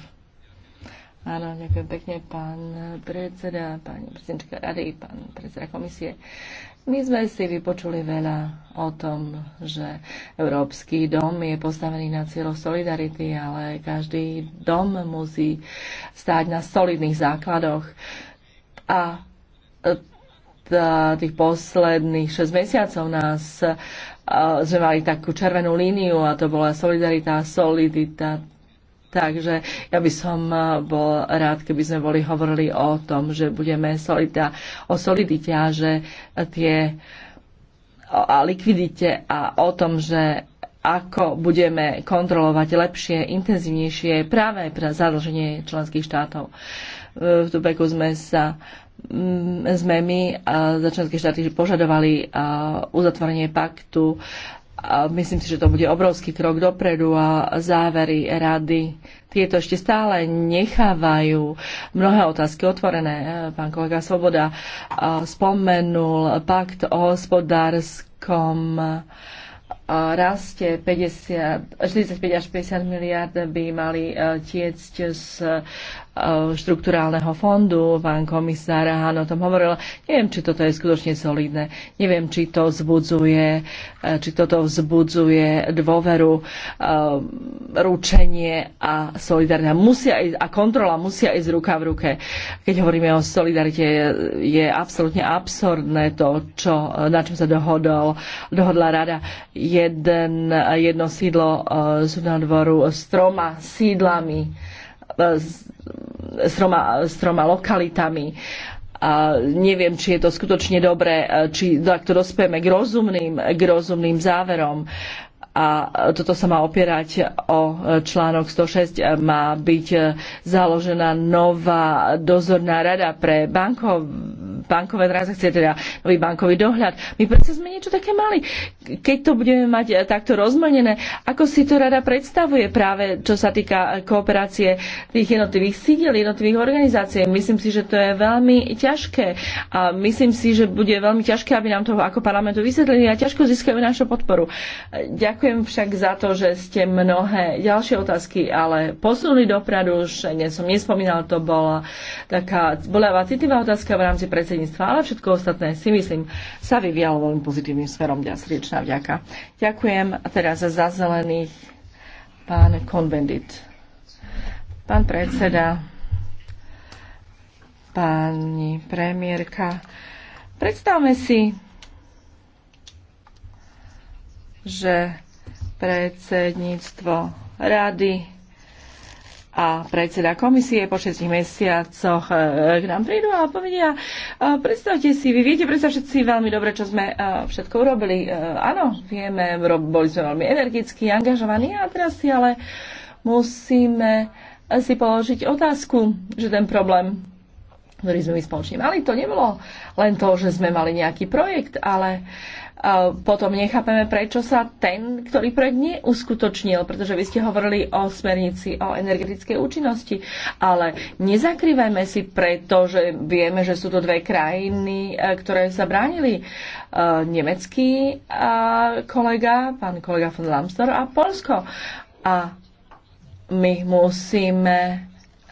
Áno, ďakujem pekne, pán predseda, pani predsednička rady, pán predseda komisie. My sme si vypočuli veľa o tom, že Európsky dom je postavený na cieľoch solidarity, ale každý dom musí stáť na solidných základoch. A tých posledných 6 mesiacov nás sme mali takú červenú líniu a to bola solidarita a solidita. Takže ja by som bol rád, keby sme boli hovorili o tom, že budeme solida, o solidite a že tie a likvidite a o tom, že ako budeme kontrolovať lepšie, intenzívnejšie práve pre zadlženie členských štátov. V Tubeku sme sa uh, Mm, sme my a za členské štáty požadovali uzatvorenie paktu. A myslím si, že to bude obrovský krok dopredu a závery rady tieto ešte stále nechávajú mnohé otázky otvorené. E, pán kolega Svoboda e, spomenul pakt o hospodárskom e, raste 50, 45 až 50 miliard by mali tiecť z Eh, štruktúrálneho fondu. Pán komisár Hán o tom hovoril. Neviem, či toto je skutočne solidné. Neviem, či to vzbudzuje, eh, či toto vzbudzuje dôveru, eh, ručenie a solidarita. Musia ísť, a kontrola musia ísť ruka v ruke. Keď hovoríme o solidarite, je, absolútne absurdné to, čo, na čom sa dohodol, dohodla rada. Jeden, jedno sídlo z dvoru s troma sídlami s troma, s troma lokalitami. A neviem, či je to skutočne dobré, či to dospieme k rozumným, k rozumným záverom. Uh, a toto sa má opierať o článok 106, má byť založená nová dozorná rada pre banko, bankové transakcie, teda nový bankový dohľad. My predsa sme niečo také mali. Keď to budeme mať takto rozmenené, ako si to rada predstavuje práve, čo sa týka kooperácie tých jednotlivých sídel, jednotlivých organizácií. Myslím si, že to je veľmi ťažké a myslím si, že bude veľmi ťažké, aby nám to ako parlamentu vysvetlili a ťažko získajú našu podporu. Ďakujem Ďakujem však za to, že ste mnohé ďalšie otázky ale posunuli dopredu, už nie som nespomínal, to bola taká bolavá citlivá otázka v rámci predsedníctva, ale všetko ostatné si myslím sa vyvíjalo veľmi pozitívnym smerom. Ďakujem, srdečná vďaka. Ďakujem a teraz za zelených pán Konvendit. Pán predseda, pani premiérka, predstavme si, že predsedníctvo rady a predseda komisie po 6 mesiacoch e, k nám prídu a povedia, e, predstavte si, vy viete predstav všetci veľmi dobre, čo sme e, všetko urobili. Áno, vieme, boli sme veľmi energicky angažovaní a teraz si ale musíme si položiť otázku, že ten problém ktorý sme my spoločne mali. To nebolo len to, že sme mali nejaký projekt, ale e, potom nechápeme, prečo sa ten, ktorý projekt neuskutočnil, pretože vy ste hovorili o smernici o energetickej účinnosti, ale nezakrývajme si preto, že vieme, že sú to dve krajiny, e, ktoré sa bránili. E, nemecký kolega, pán kolega von Lambsdor a Polsko. A my musíme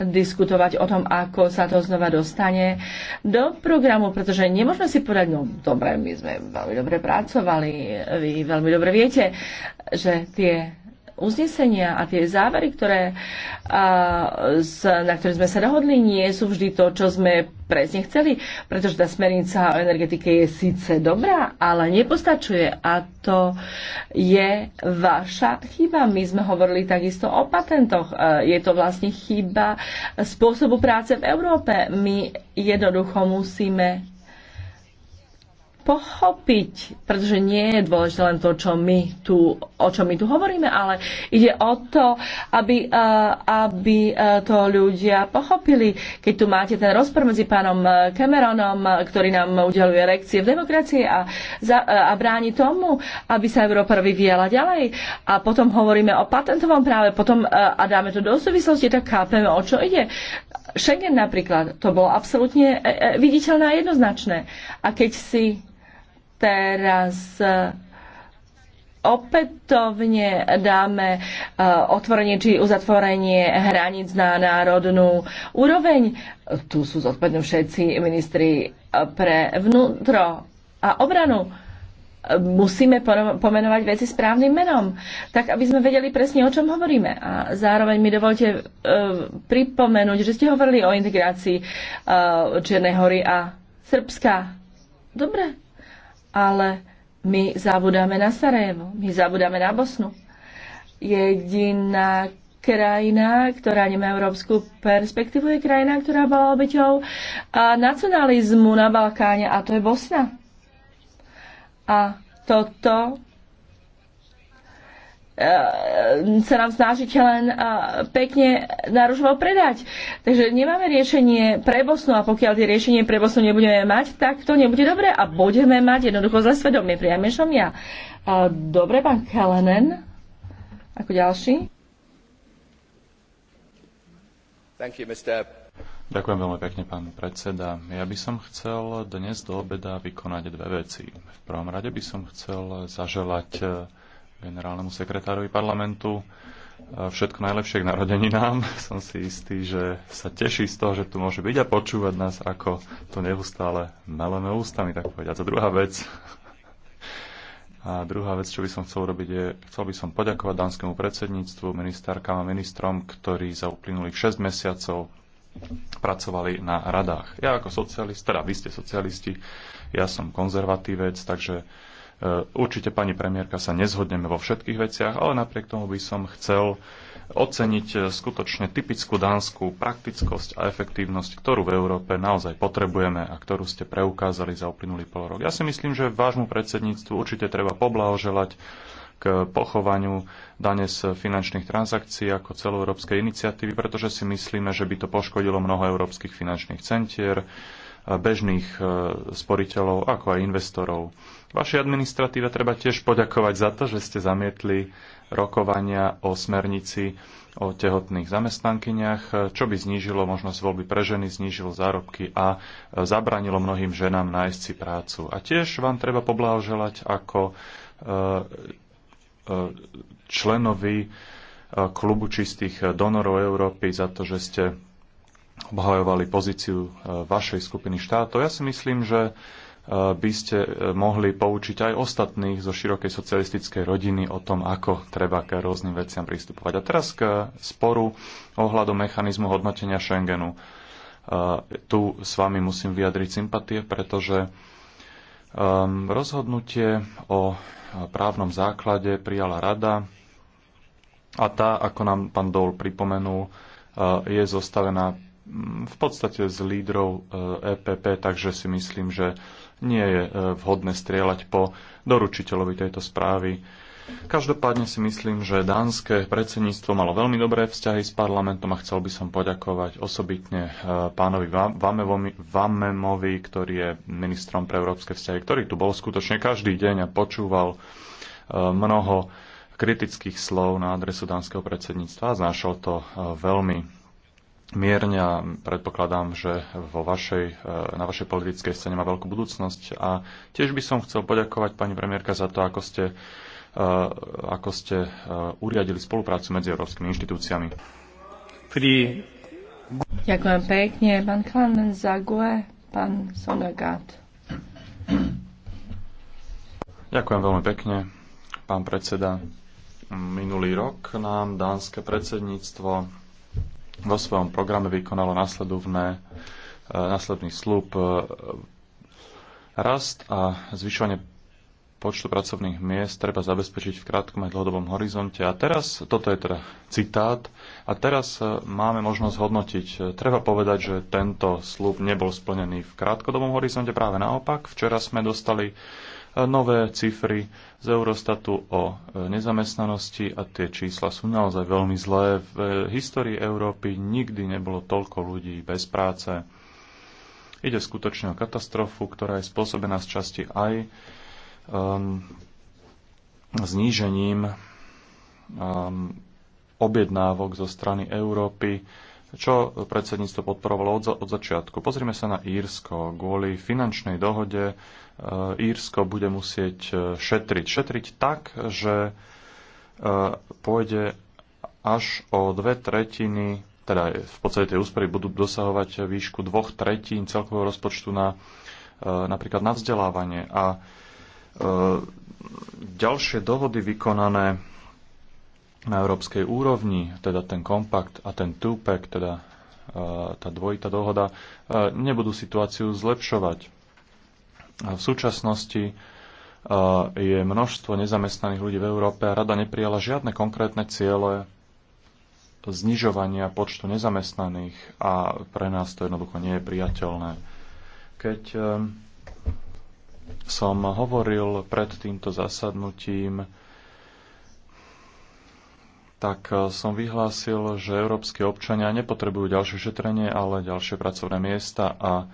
diskutovať o tom, ako sa to znova dostane do programu, pretože nemôžeme si povedať, no dobre, my sme veľmi dobre pracovali, vy veľmi dobre viete, že tie uznesenia a tie závery, ktoré, na ktoré sme sa dohodli, nie sú vždy to, čo sme presne chceli, pretože tá smernica o energetike je síce dobrá, ale nepostačuje a to je vaša chyba. My sme hovorili takisto o patentoch. E, je to vlastne chyba spôsobu práce v Európe. My jednoducho musíme pochopiť, pretože nie je dôležité len to, čo my tu, o čom my tu hovoríme, ale ide o to, aby, eh, aby eh, to ľudia pochopili. Keď tu máte ten rozpor medzi pánom eh, Cameronom, ktorý nám udeluje rekcie v demokracii a, za, a bráni tomu, aby sa Európa vyvíjala ďalej a potom hovoríme o patentovom práve potom a dáme to do súvislosti, tak chápeme, o čo ide. Schengen napríklad, to bolo absolútne viditeľné a jednoznačné. A keď si teraz eh, opätovne dáme eh, otvorenie či uzatvorenie hraníc na národnú úroveň. Tu sú zodpovední všetci ministri eh, pre vnútro a obranu. Musíme pomenovať veci správnym menom, tak aby sme vedeli presne, o čom hovoríme. A zároveň mi dovolte pripomenúť, že ste hovorili o integrácii Čiernej hory a Srbska. Dobre, ale my zabudáme na Sarajevo, my zabudáme na Bosnu. Jediná krajina, ktorá nemá európsku perspektívu, je krajina, ktorá bola obeťou nacionalizmu na Balkáne a to je Bosna. A toto E, sa nám snažíte len e, pekne na predať. Takže nemáme riešenie pre Bosnu a pokiaľ tie riešenie pre Bosnu nebudeme mať, tak to nebude dobre a budeme mať jednoducho zle svedomie. Priamešom ja. E, dobre, pán Kalenen, ako ďalší. Thank you, Mr. Ďakujem veľmi pekne, pán predseda. Ja by som chcel dnes do obeda vykonať dve veci. V prvom rade by som chcel zaželať generálnemu sekretárovi parlamentu. E, všetko najlepšie k narodeninám. Som si istý, že sa teší z toho, že tu môže byť a počúvať nás, ako to neustále meleme ústami, tak povedať. A druhá vec, a druhá vec, čo by som chcel urobiť, je, chcel by som poďakovať dánskemu predsedníctvu, ministárkam a ministrom, ktorí za uplynulých 6 mesiacov pracovali na radách. Ja ako socialista, teda vy ste socialisti, ja som konzervatívec, takže Eh, určite, pani premiérka, sa nezhodneme vo všetkých veciach, ale napriek tomu by som chcel oceniť eh, skutočne typickú dánskú praktickosť a efektívnosť, ktorú v Európe naozaj potrebujeme a ktorú ste preukázali za uplynulý pol rok. Ja si myslím, že vášmu predsedníctvu určite treba poblahoželať k pochovaniu dane z finančných transakcií ako celoeurópskej iniciatívy, pretože si myslíme, že by to poškodilo mnoho európskych finančných centier, eh, bežných sporiteľov, ako aj investorov. Vašej administratíve treba tiež poďakovať za to, že ste zamietli rokovania o smernici o tehotných zamestnankyniach, čo by znížilo možnosť voľby pre ženy, znížilo zárobky a zabránilo mnohým ženám nájsť si prácu. A tiež vám treba poblahoželať ako e, e, členovi e, klubu čistých donorov Európy za to, že ste obhajovali pozíciu vašej skupiny štátov. Ja si myslím, že Eh, by ste eh, mohli poučiť aj ostatných zo širokej socialistickej rodiny o tom, ako treba k rôznym veciam pristupovať. A teraz k sporu ohľadom mechanizmu hodnotenia Schengenu. Eh, tu s vami musím vyjadriť sympatie, pretože ehm, rozhodnutie o právnom základe prijala rada a tá, ako nám pán Dol pripomenul, je zostavená hm, v podstate z lídrov EPP, e takže si myslím, že nie je e, vhodné strieľať po doručiteľovi tejto správy. Každopádne si myslím, že dánske predsedníctvo malo veľmi dobré vzťahy s parlamentom a chcel by som poďakovať osobitne e, pánovi Vamemovi, ktorý je ministrom pre európske vzťahy, ktorý tu bol skutočne každý deň a počúval e, mnoho kritických slov na adresu dánskeho predsedníctva a znášal to veľmi mierne a predpokladám, že vo vašej, e, na vašej politickej scéne má veľkú budúcnosť. A tiež by som chcel poďakovať pani premiérka za to, ako ste, e, ako ste e, uriadili spoluprácu medzi európskymi inštitúciami. Pri... Ďakujem pekne. Pán Klan Zague, pán Sonagat. Ďakujem veľmi pekne, pán predseda. Minulý rok nám dánske predsedníctvo vo svojom programe vykonalo nasledovné, e, nasledný slúb e, rast a zvyšovanie počtu pracovných miest treba zabezpečiť v krátkom aj dlhodobom horizonte. A teraz, toto je teda citát, a teraz e, máme možnosť hodnotiť. Treba povedať, že tento slúb nebol splnený v krátkodobom horizonte, práve naopak. Včera sme dostali nové cifry z Eurostatu o e, nezamestnanosti a tie čísla sú naozaj veľmi zlé. V e, histórii Európy nikdy nebolo toľko ľudí bez práce. Ide skutočne o katastrofu, ktorá je spôsobená z časti aj um, znížením um, objednávok zo strany Európy čo predsedníctvo podporovalo od, za, od začiatku. Pozrime sa na Írsko. Kvôli finančnej dohode e, Írsko bude musieť e, šetriť. Šetriť tak, že e, pôjde až o dve tretiny, teda v podstate tie úspory budú dosahovať výšku dvoch tretín celkového rozpočtu na napríklad na vzdelávanie. A ďalšie dohody vykonané na európskej úrovni, teda ten kompakt a ten tupek, teda e, tá dvojitá dohoda, e, nebudú situáciu zlepšovať. V súčasnosti e, je množstvo nezamestnaných ľudí v Európe a rada neprijala žiadne konkrétne ciele znižovania počtu nezamestnaných a pre nás to jednoducho nie je priateľné. Keď som hovoril pred týmto zasadnutím, tak e, som vyhlásil, že európske občania nepotrebujú ďalšie šetrenie, ale ďalšie pracovné miesta a e,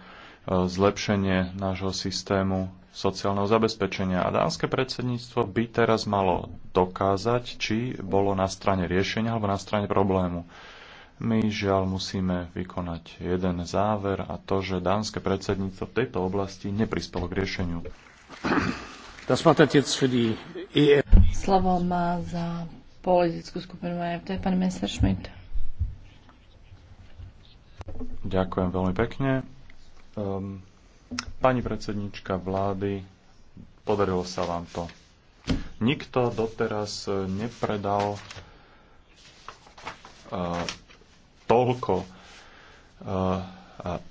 zlepšenie nášho systému sociálneho zabezpečenia. A dánske predsedníctvo by teraz malo dokázať, či bolo na strane riešenia alebo na strane problému. My žiaľ musíme vykonať jeden záver a to, že dánske predsedníctvo v tejto oblasti neprispelo k riešeniu. E Slovo má za politickú skupinu EFD, pán Messerschmidt. Ďakujem veľmi pekne. Um, pani predsednička vlády, podarilo sa vám to. Nikto doteraz e, nepredal uh, toľko, uh,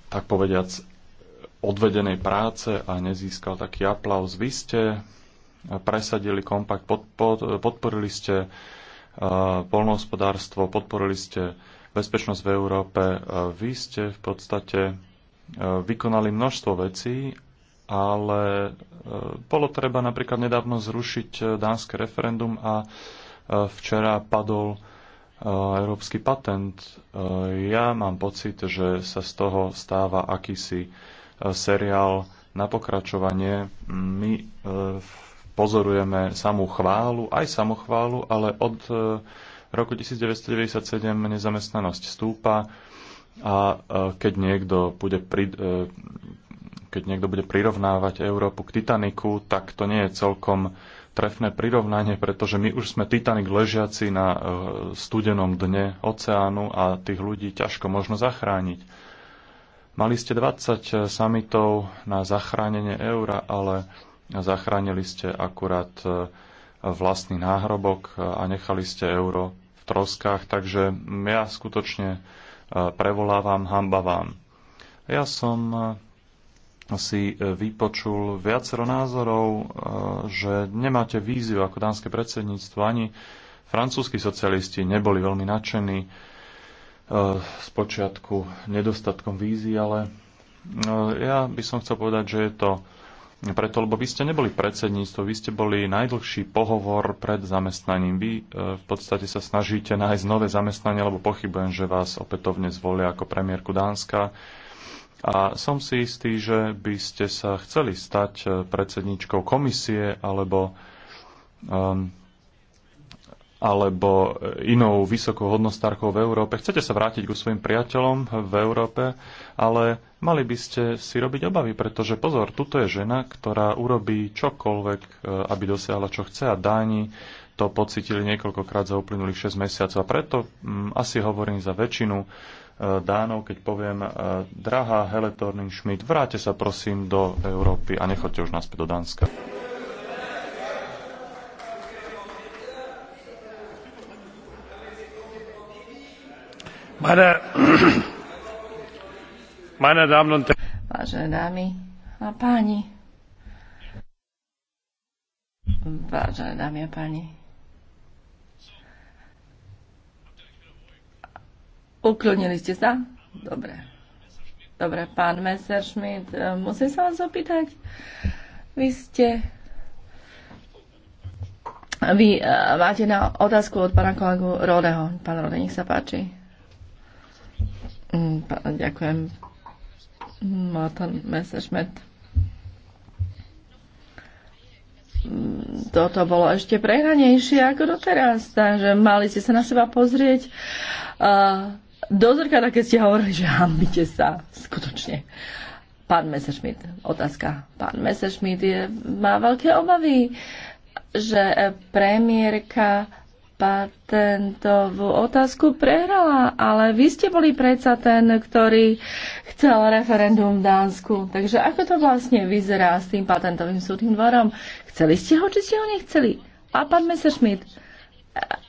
tak povediac, odvedenej práce a nezískal taký aplauz. Vy ste presadili kompakt, pod, pod, podporili ste polnohospodárstvo, podporili ste bezpečnosť v Európe. Vy ste v podstate e, vykonali množstvo vecí, ale e, bolo treba napríklad nedávno zrušiť e, dánske referendum a včera padol európsky patent. Ja mám pocit, že sa z toho stáva akýsi seriál na pokračovanie. My pozorujeme samú chválu, aj samochválu, ale od e, roku 1997 nezamestnanosť stúpa a e, keď niekto bude pri, e, keď niekto bude prirovnávať Európu k Titaniku, tak to nie je celkom trefné prirovnanie, pretože my už sme Titanic ležiaci na studenom dne oceánu a tých ľudí ťažko možno zachrániť. Mali ste 20 samitov na zachránenie eura, ale zachránili ste akurát e, vlastný náhrobok a nechali ste euro v troskách, takže ja skutočne e, prevolávam, hamba vám. Ja som e, si vypočul viacero názorov, že nemáte víziu ako dánske predsedníctvo, ani francúzski socialisti neboli veľmi nadšení spočiatku nedostatkom vízy, ale ja by som chcel povedať, že je to preto, lebo vy ste neboli predsedníctvo, vy ste boli najdlhší pohovor pred zamestnaním. Vy e, v podstate sa snažíte nájsť nové zamestnanie, lebo pochybujem, že vás opätovne zvolia ako premiérku Dánska. A som si istý, že by ste sa chceli stať e, predsedničkou komisie alebo um, alebo e, inou vysokou hodnostárkou v Európe. Chcete sa vrátiť ku svojim priateľom v Európe, ale mali by ste si robiť obavy, pretože pozor, tuto je žena, ktorá urobí čokoľvek, e, aby dosiahla čo chce a dáni to pocitili niekoľkokrát za uplynulých 6 mesiacov. A preto m, mm, asi hovorím za väčšinu e, Dánov, keď poviem, e, drahá Hele Thorning-Schmidt, vráte sa prosím do Európy a nechoďte už naspäť do Dánska. Meine, meine Damen und Vážené dámy a páni, vážené dámy a páni, uklonili ste sa? Dobre. Dobre, pán Messerschmidt, eh, musím sa vás opýtať, vy ste vy eh, máte na otázku od pána kolegu Rodeho. Pán Rode, nech sa páči. Mm, ďakujem. Martin Messerschmidt. toto bolo ešte prehranejšie ako doteraz, takže mali ste sa na seba pozrieť uh, do zrkadla, keď ste hovorili, že hambite sa, skutočne. Pán Messerschmidt, otázka. Pán Messerschmidt je, má veľké obavy, že premiérka patentovú otázku prehrala, ale vy ste boli predsa ten, ktorý chcel referendum v Dánsku. Takže ako to vlastne vyzerá s tým patentovým súdnym dvorom? Chceli ste ho, či ste ho nechceli? A pán Messerschmidt,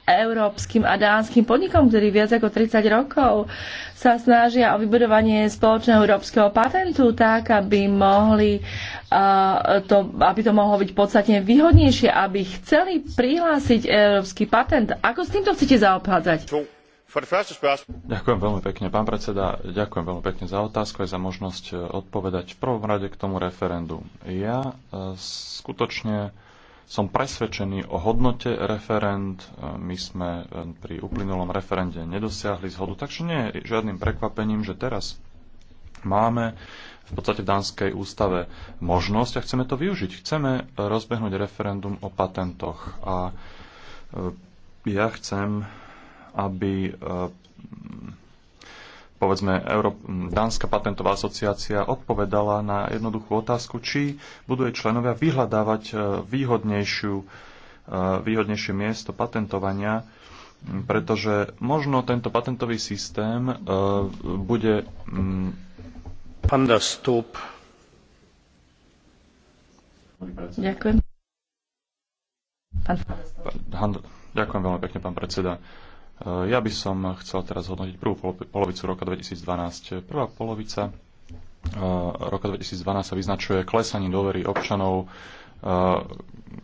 európskym a dánskym podnikom, ktorí viac ako 30 rokov sa snažia o vybudovanie spoločného európskeho patentu tak, aby, mohli, uh, to, aby to mohlo byť podstatne výhodnejšie, aby chceli prihlásiť európsky patent. Ako s týmto chcete zaobchádzať? Ďakujem veľmi pekne, pán predseda. Ďakujem veľmi pekne za otázku aj za možnosť eh, odpovedať v prvom rade k tomu referendu. Ja uh, skutočne som presvedčený o hodnote referend. E, my sme e, pri uplynulom referende nedosiahli zhodu, takže nie je žiadnym prekvapením, že teraz máme v podstate v Dánskej ústave možnosť a chceme to využiť. Chceme rozbehnúť referendum o patentoch a e, ja chcem, aby povedzme Euró- Dánska patentová asociácia odpovedala na jednoduchú otázku, či budú jej členovia vyhľadávať e, výhodnejšiu, e, výhodnejšie miesto patentovania, pretože možno tento patentový systém e, bude... Panda mm, Ďakujem. Pán... Ďakujem veľmi pekne, pán predseda. Ja by som chcel teraz hodnotiť prvú polovicu roka 2012. Prvá polovica eh, roka 2012 sa vyznačuje klesaním dôvery občanov, eh,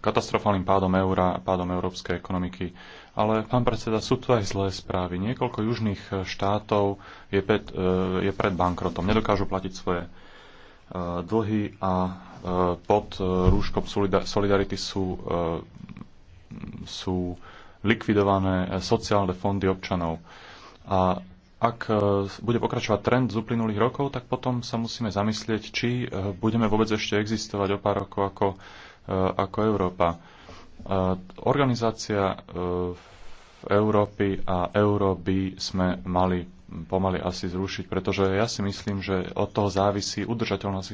katastrofálnym pádom eura pádom európskej ekonomiky. Ale, pán predseda, sú tu aj zlé správy. Niekoľko južných eh, štátov je pred, je pred bankrotom. Nedokážu platiť svoje dlhy a pod rúškom solidarity sú, sú likvidované eh, sociálne fondy občanov. A ak eh, bude pokračovať trend z uplynulých rokov, tak potom sa musíme zamyslieť, či eh, budeme vôbec ešte existovať o pár rokov ako, ako Európa. Organizácia Európy a Európy sme mali pomaly asi zrušiť, pretože ja si myslím, že od toho závisí udržateľnosť,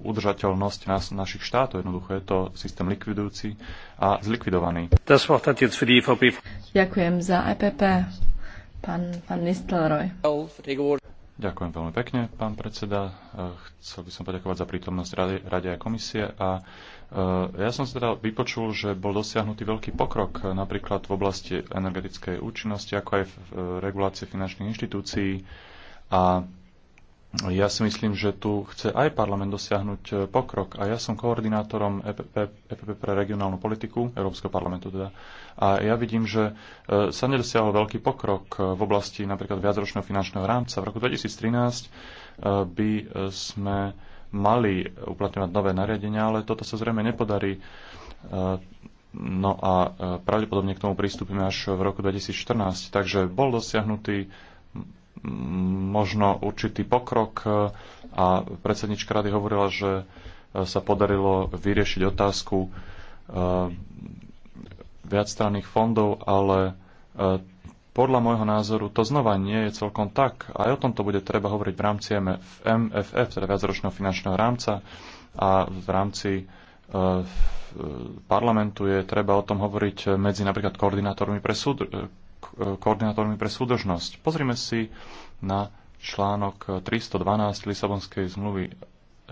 udržateľnosť nás, našich štátov. Jednoducho je to systém likvidujúci a zlikvidovaný. Ďakujem za EPP, pán, pán Nistelroj. Ďakujem veľmi pekne, pán predseda. Chcel by som poďakovať za prítomnosť rade, a komisie a Eh, ja som si teda vypočul, že bol dosiahnutý veľký pokrok napríklad v oblasti energetickej účinnosti, ako aj v eh, regulácii finančných inštitúcií. A ja si myslím, že tu chce aj parlament dosiahnuť eh, pokrok. A ja som koordinátorom EPP, EPP pre regionálnu politiku, Európskeho parlamentu teda. A ja vidím, že sa nedosiahol veľký pokrok v oblasti napríklad viacročného finančného rámca. V roku 2013 by sme mali uplatňovať nové nariadenia, ale toto sa zrejme nepodarí. E, no a e, pravdepodobne k tomu pristúpime až v roku 2014. Takže bol dosiahnutý možno určitý pokrok e, a predsednička rady hovorila, že sa podarilo vyriešiť otázku viacstranných fondov, ale podľa môjho názoru to znova nie je celkom tak. A Aj o tomto bude treba hovoriť v rámci MFF, teda viacročného finančného rámca a v rámci e, e, parlamentu je treba o tom hovoriť medzi napríklad koordinátormi pre, súd, e, koordinátormi pre súdržnosť. Pozrime si na článok 312 Lisabonskej zmluvy,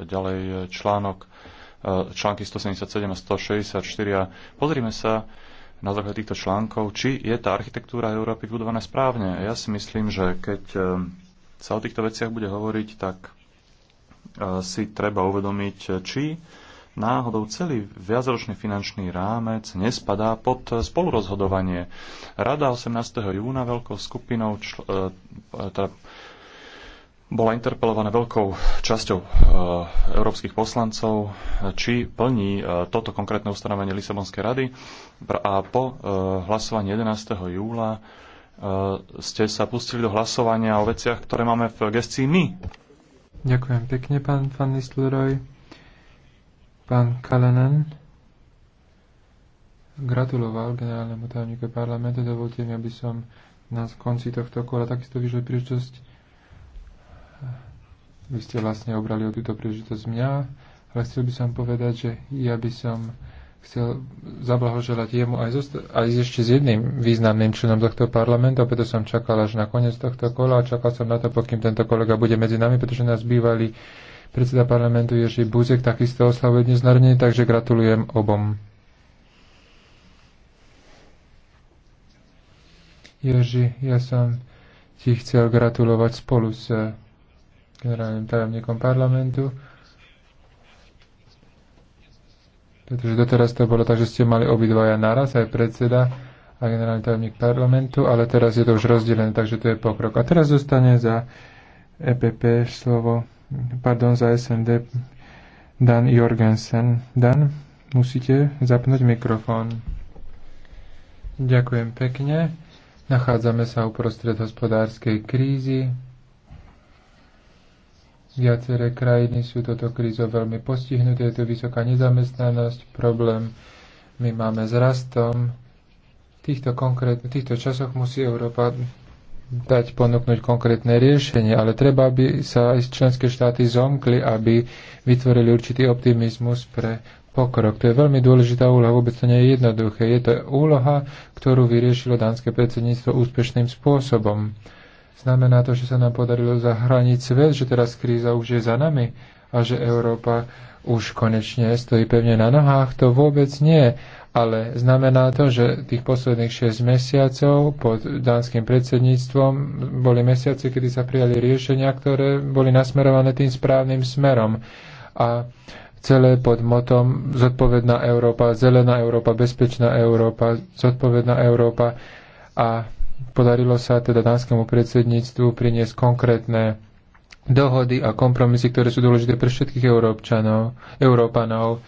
ďalej článok články 177 a 164 a pozrime sa, na základe týchto článkov, či je tá architektúra Európy budovaná správne. Ja si myslím, že keď e, sa o týchto veciach bude hovoriť, tak e, si treba uvedomiť, či náhodou celý viacročný finančný rámec nespadá pod spolurozhodovanie. Rada 18. júna veľkou skupinou čl- e, teda bola interpelovaná veľkou časťou európskych poslancov, či plní toto konkrétne ustanovenie Lisabonskej rady a po e, hlasovaní 11. júla e, ste sa pustili do hlasovania o veciach, ktoré máme v gestii my. Ďakujem pekne, pán Van Nistelrooy. Pán Kalenen gratuloval generálnemu tajomníku parlamentu. Dovolte mi, aby som na konci tohto kola takisto vyžil príležitosť. Vy ste vlastne obrali o túto príležitosť mňa, ale chcel by som povedať, že ja by som chcel zablahoželať jemu aj, zosta- aj ešte s jedným významným členom tohto parlamentu, preto som čakal až na koniec tohto kola a čakal som na to, pokým tento kolega bude medzi nami, pretože nás bývalý predseda parlamentu Ježi Buzek takisto oslavuje dnes narodenie, takže gratulujem obom. Ježi, ja som ti chcel gratulovať spolu s generálnym tajomníkom parlamentu. Pretože doteraz to bolo tak, že ste mali obidvaja naraz, aj predseda a generálny tajomník parlamentu, ale teraz je to už rozdelené, takže to je pokrok. A teraz zostane za EPP slovo, pardon, za SND Dan Jorgensen. Dan, musíte zapnúť mikrofón. Ďakujem pekne. Nachádzame sa uprostred hospodárskej krízy. Viaceré krajiny sú toto krízo veľmi postihnuté, je tu vysoká nezamestnanosť, problém my máme s rastom. V týchto, konkrét, v týchto časoch musí Európa dať ponúknuť konkrétne riešenie, ale treba, aby sa aj členské štáty zomkli, aby vytvorili určitý optimizmus pre pokrok. To je veľmi dôležitá úloha, vôbec to nie je jednoduché. Je to úloha, ktorú vyriešilo dánske predsedníctvo úspešným spôsobom. Znamená to, že sa nám podarilo zahraniť svet, že teraz kríza už je za nami a že Európa už konečne stojí pevne na nohách? To vôbec nie. Ale znamená to, že tých posledných 6 mesiacov pod dánskym predsedníctvom boli mesiace, kedy sa prijali riešenia, ktoré boli nasmerované tým správnym smerom. A celé pod motom zodpovedná Európa, zelená Európa, bezpečná Európa, zodpovedná Európa. A Podarilo sa teda dánskemu predsedníctvu priniesť konkrétne dohody a kompromisy, ktoré sú dôležité pre všetkých Európčanov, Európanov.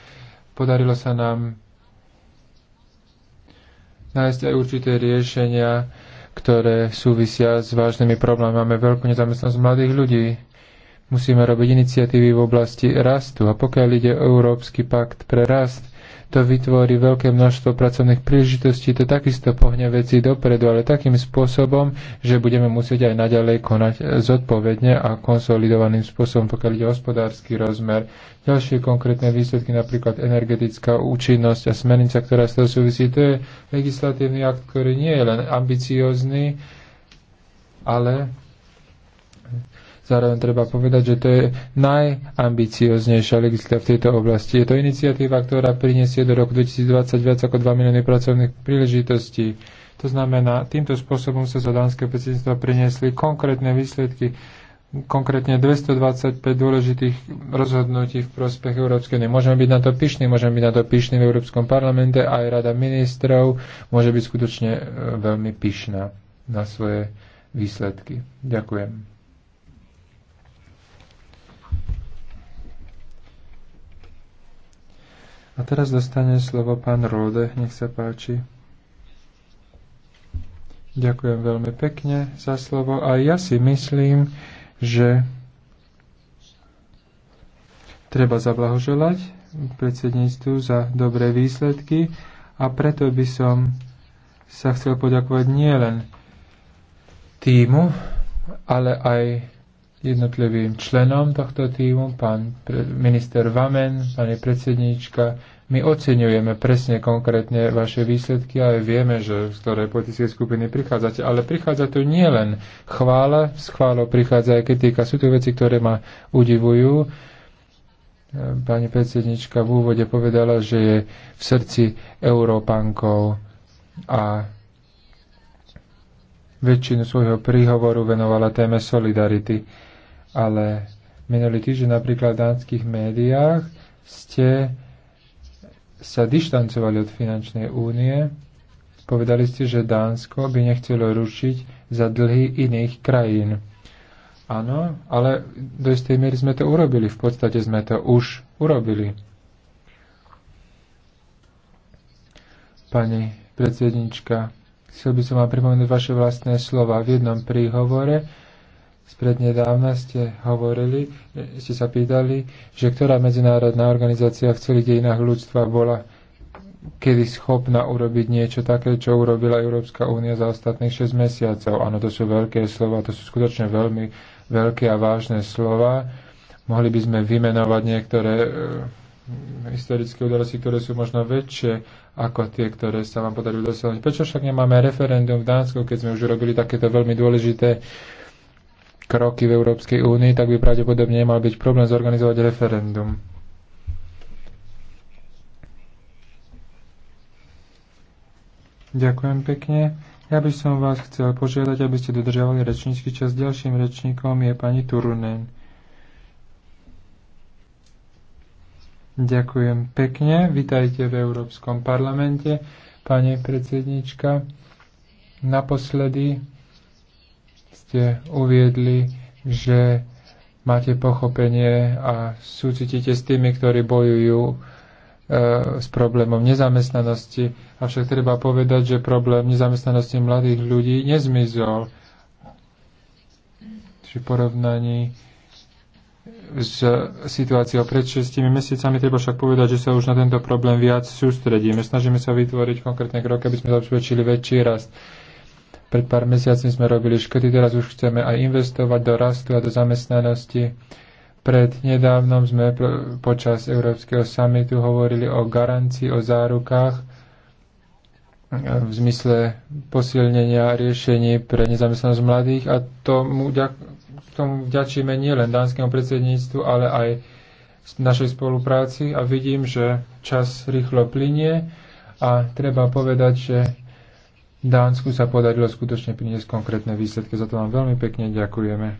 Podarilo sa nám nájsť aj určité riešenia, ktoré súvisia s vážnymi problémami. Máme veľkú nezamestnanosť mladých ľudí. Musíme robiť iniciatívy v oblasti rastu. A pokiaľ ide o Európsky pakt pre rast, to vytvorí veľké množstvo pracovných príležitostí, to takisto pohne veci dopredu, ale takým spôsobom, že budeme musieť aj naďalej konať zodpovedne a konsolidovaným spôsobom, pokiaľ ide hospodársky rozmer. Ďalšie konkrétne výsledky, napríklad energetická účinnosť a smernica, ktorá s toho súvisí, to je legislatívny akt, ktorý nie je len ambiciózny, ale Zároveň treba povedať, že to je najambicioznejšia legislatíva v tejto oblasti. Je to iniciatíva, ktorá priniesie do roku 2020 viac ako 2 milióny pracovných príležitostí. To znamená, týmto spôsobom sa za dánske predsedníctva priniesli konkrétne výsledky, konkrétne 225 dôležitých rozhodnutí v prospech Európskej únie. Môžeme byť na to pyšní, môžeme byť na to pyšní v Európskom parlamente, aj Rada ministrov môže byť skutočne e, veľmi pyšná na svoje výsledky. Ďakujem. A teraz dostane slovo pán Rode, nech sa páči. Ďakujem veľmi pekne za slovo a ja si myslím, že treba zablahoželať predsedníctvu za dobré výsledky a preto by som sa chcel poďakovať nielen týmu, ale aj jednotlivým členom tohto týmu, pán minister Vamen, pani predsedníčka. My oceňujeme presne konkrétne vaše výsledky a vieme, že z ktorej politickej skupiny prichádzate, ale prichádza tu nielen chvála, s chválou prichádza aj kritika. Sú tu veci, ktoré ma udivujú. Pani predsednička v úvode povedala, že je v srdci Európankov a väčšinu svojho príhovoru venovala téme solidarity. Ale minulý týždeň napríklad v dánskych médiách ste sa dištancovali od finančnej únie. Povedali ste, že Dánsko by nechcelo rušiť za dlhy iných krajín. Áno, ale do istej miery sme to urobili. V podstate sme to už urobili. Pani predsednička, Chcel by som vám pripomenúť vaše vlastné slova. V jednom príhovore sprednedávna ste hovorili, ste sa pýtali, že ktorá medzinárodná organizácia v celých dejinách ľudstva bola kedy schopná urobiť niečo také, čo urobila Európska únia za ostatných 6 mesiacov. Áno, to sú veľké slova, to sú skutočne veľmi veľké a vážne slova. Mohli by sme vymenovať niektoré e, historické udalosti, ktoré sú možno väčšie ako tie, ktoré sa vám podarilo dosiahnuť. Prečo však nemáme referendum v Dánsku, keď sme už robili takéto veľmi dôležité kroky v Európskej únii, tak by pravdepodobne nemal byť problém zorganizovať referendum. Ďakujem pekne. Ja by som vás chcel požiadať, aby ste dodržiavali rečnícky čas. Ďalším rečníkom je pani Turunen. Ďakujem pekne. Vítajte v Európskom parlamente, pani predsednička. Naposledy ste uviedli, že máte pochopenie a súcitíte s tými, ktorí bojujú e, s problémom nezamestnanosti. Avšak treba povedať, že problém nezamestnanosti mladých ľudí nezmizol. Či porovnaní s situáciou pred šestimi mesiacami. Treba však povedať, že sa už na tento problém viac sústredíme. Snažíme sa vytvoriť konkrétne kroky, aby sme zabezpečili väčší rast. Pred pár mesiacmi sme robili škody, teraz už chceme aj investovať do rastu a do zamestnanosti. Pred nedávnom sme počas Európskeho samitu hovorili o garancii, o zárukách v zmysle posilnenia riešení pre nezamestnanosť mladých a tomu ďak- tomu vďačíme nielen dánskemu predsedníctvu, ale aj našej spolupráci a vidím, že čas rýchlo plinie a treba povedať, že Dánsku sa podarilo skutočne priniesť konkrétne výsledky. Za to vám veľmi pekne ďakujeme.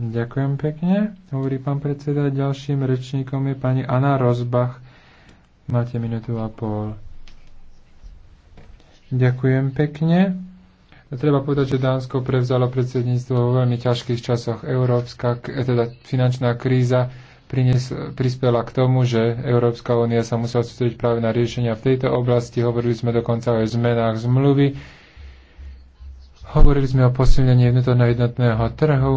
Ďakujem pekne, hovorí pán predseda. Ďalším rečníkom je pani Anna Rozbach. Máte minútu a pol. Ďakujem pekne. Treba povedať, že Dánsko prevzalo predsedníctvo vo veľmi ťažkých časoch. Európska, eh, teda finančná kríza prines, prispela k tomu, že Európska únia sa musela sústrediť práve na riešenia v tejto oblasti. Hovorili sme dokonca aj o zmenách zmluvy. Hovorili sme o posilnení vnútorného jednotného trhu,